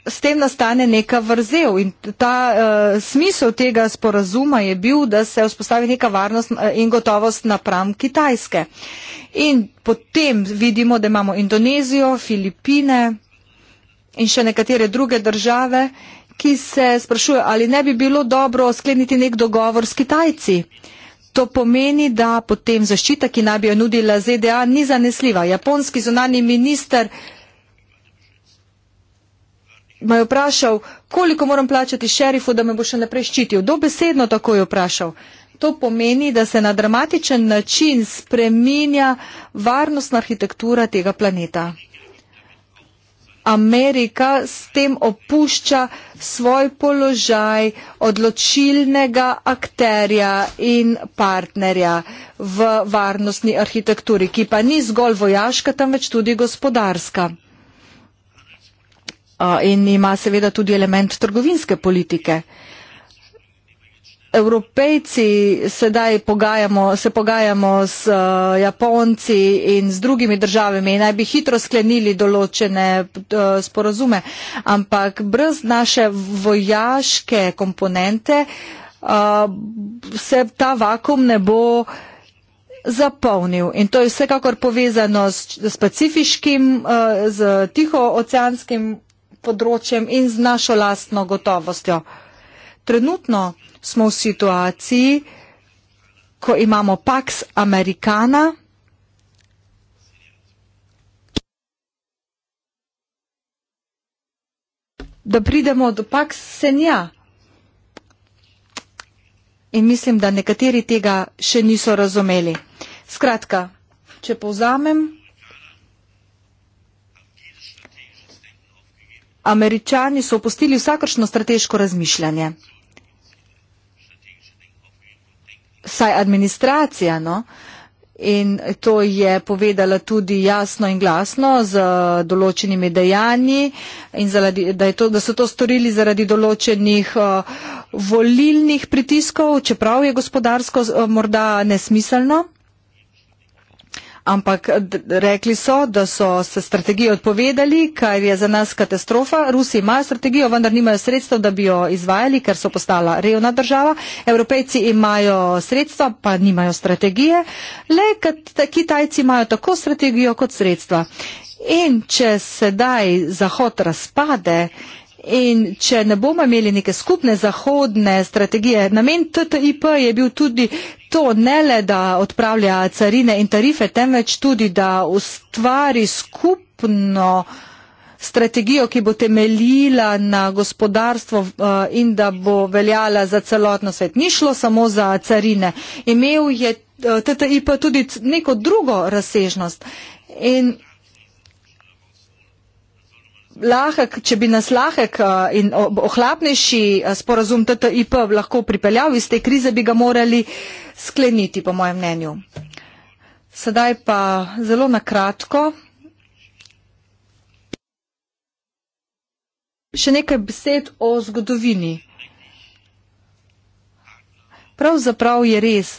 C: s tem nastane neka vrzel. In ta uh, smisel tega sporazuma je bil, da se vzpostavi neka varnost eh, in gotovost napram Kitajske. In potem vidimo, da imamo Indonezijo, Filipine in še nekatere druge države, ki se sprašujejo, ali ne bi bilo dobro skleniti nek dogovor s Kitajci. To pomeni, da potem zaščita, ki naj bi jo nudila ZDA, ni zanesljiva. Japonski zunani minister me je vprašal, koliko moram plačati šerifu, da me bo še naprej ščitil. Dobesedno tako je vprašal. To pomeni, da se na dramatičen način spreminja varnostna arhitektura tega planeta. Amerika s tem opušča svoj položaj odločilnega akterja in partnerja v varnostni arhitekturi, ki pa ni zgolj vojaška, temveč tudi gospodarska in ima seveda tudi element trgovinske politike. Evropejci sedaj pogajamo, se pogajamo z Japonci in z drugimi državami in naj bi hitro sklenili določene sporozume, ampak brez naše vojaške komponente se ta vakum ne bo zapolnil. In to je vsekakor povezano s, s pacifiškim, z tihooceanskim področjem in z našo lastno gotovostjo. Trenutno smo v situaciji, ko imamo Pax Americana, da pridemo do Pax Senja. In mislim, da nekateri tega še niso razumeli. Skratka, če povzamem. Američani so opustili vsakršno strateško razmišljanje. Saj administracija, no, in to je povedala tudi jasno in glasno z določenimi dejanji, in zaradi, da, to, da so to storili zaradi določenih uh, volilnih pritiskov, čeprav je gospodarsko uh, morda nesmiselno ampak rekli so, da so se strategijo odpovedali, kar je za nas katastrofa. Rusi imajo strategijo, vendar nimajo sredstev, da bi jo izvajali, ker so postala revna država. Evropejci imajo sredstva, pa nimajo strategije. Le Kitajci imajo tako strategijo kot sredstva. In če sedaj Zahod razpade, In če ne bomo imeli neke skupne zahodne strategije, namen TTIP je bil tudi to ne le, da odpravlja carine in tarife, temveč tudi, da ustvari skupno strategijo, ki bo temeljila na gospodarstvo eh, in da bo veljala za celotno svet. Ni šlo samo za carine. Imel je eh, TTIP tudi neko drugo razsežnost. In lahek, če bi nas lahek eh, in ohlapnejši eh, sporazum TTIP lahko pripeljal iz te krize, bi ga morali skleniti, po mojem mnenju. Sedaj pa zelo nakratko. Še nekaj besed o zgodovini. Pravzaprav je res,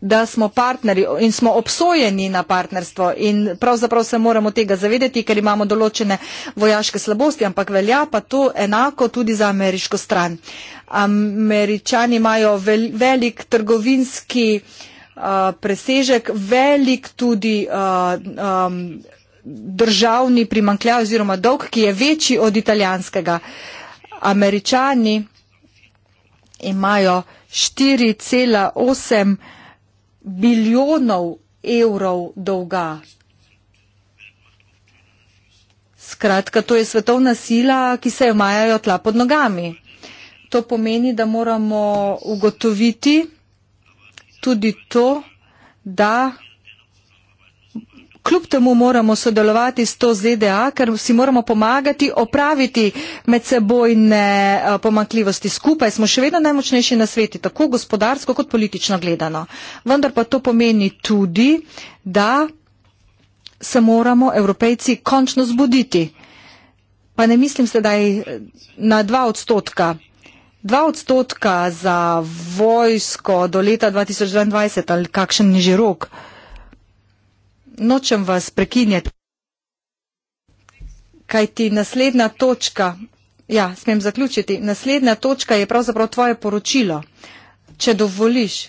C: da smo partnerji in smo obsojeni na partnerstvo in pravzaprav se moramo tega zavedati, ker imamo določene vojaške slabosti, ampak velja pa to enako tudi za ameriško stran. Američani imajo vel, velik trgovinski uh, presežek, velik tudi uh, um, državni primankljaj oziroma dolg, ki je večji od italijanskega. Američani imajo 4,8 milijona bilijonov evrov dolga. Skratka, to je svetovna sila, ki se jo majajo tla pod nogami. To pomeni, da moramo ugotoviti tudi to, da kljub temu moramo sodelovati s to ZDA, ker si moramo pomagati opraviti medsebojne eh, pomankljivosti skupaj. Smo še vedno najmočnejši na sveti, tako gospodarsko kot politično gledano. Vendar pa to pomeni tudi, da se moramo evropejci končno zbuditi. Pa ne mislim sedaj eh, na dva odstotka. Dva odstotka za vojsko do leta 2022 ali kakšen nižji rok nočem vas prekinjati, kaj ti naslednja točka, ja, smem zaključiti, naslednja točka je pravzaprav tvoje poročilo, če dovoliš.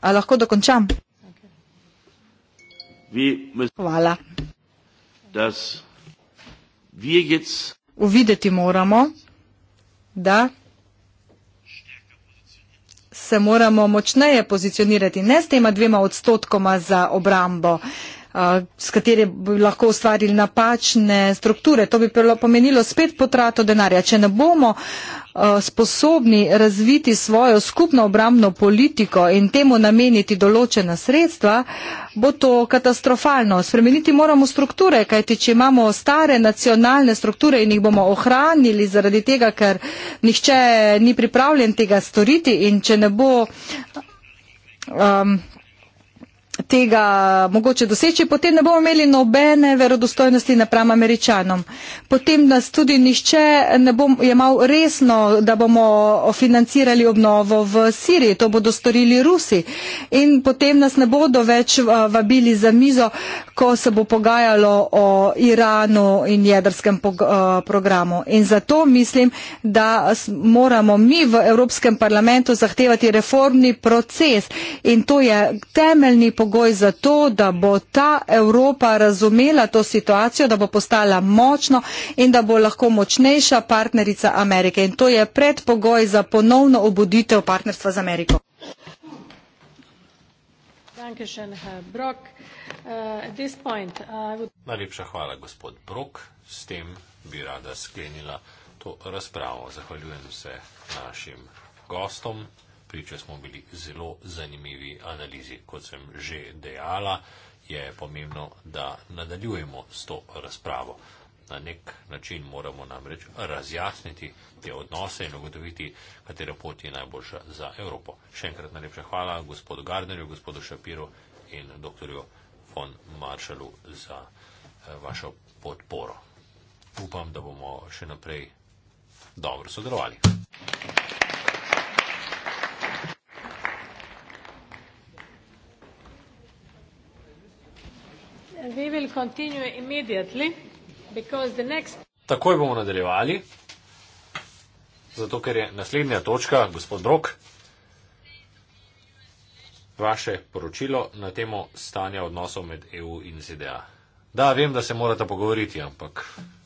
C: A lahko dokončam? Hvala. Uvideti moramo, da se moramo močneje pozicionirati, ne s tema dvema odstotkoma za obrambo, uh, s katere bi lahko ustvarili napačne strukture. To bi pomenilo spet potrato denarja. Če ne bomo uh, Eh, sposobni razviti svojo skupno obrambno politiko in temu nameniti določena sredstva, bo to katastrofalno. Spremeniti moramo strukture, kajti če imamo stare nacionalne strukture in jih bomo ohranili zaradi tega, ker nihče ni pripravljen tega storiti in če ne bo. Um, tega mogoče doseči, potem ne bomo imeli nobene verodostojnosti napram američanom. Potem nas tudi nišče ne bo imel resno, da bomo financirali obnovo v Siriji, to bodo storili Rusi. In potem nas ne bodo več eh, vabili za mizo, ko se bo pogajalo o Iranu in jedrskem eh, programu. In zato mislim, da moramo mi v Evropskem parlamentu zahtevati reformni proces. In to je temeljni pogoj, predpogoj za to, da bo ta Evropa razumela to situacijo, da bo postala močno in da bo lahko močnejša partnerica Amerike. In to je predpogoj za ponovno obuditev partnerstva z Ameriko.
A: Uh, uh,
B: Najlepša hvala, gospod Brok. S tem bi rada sklenila to razpravo. Zahvaljujem se našim gostom priča smo bili zelo zanimivi analizi. Kot sem že dejala, je pomembno, da nadaljujemo s to razpravo. Na nek način moramo namreč razjasniti te odnose in ugotoviti, katera pot je najboljša za Evropo. Še enkrat najlepša hvala gospodu Gardnerju, gospodu Šapiru in doktorju von Marshallu za eh, vašo podporo. Upam, da bomo še naprej dobro sodelovali. Thank you.
A: We will continue immediately because the next.
B: Takoj bomo nadaljevali, zato ker je naslednja točka, gospod Brok, vaše poročilo na temo stanja odnosov med EU in ZDA. Da, vem, da se morate pogovoriti, ampak. Mm -hmm.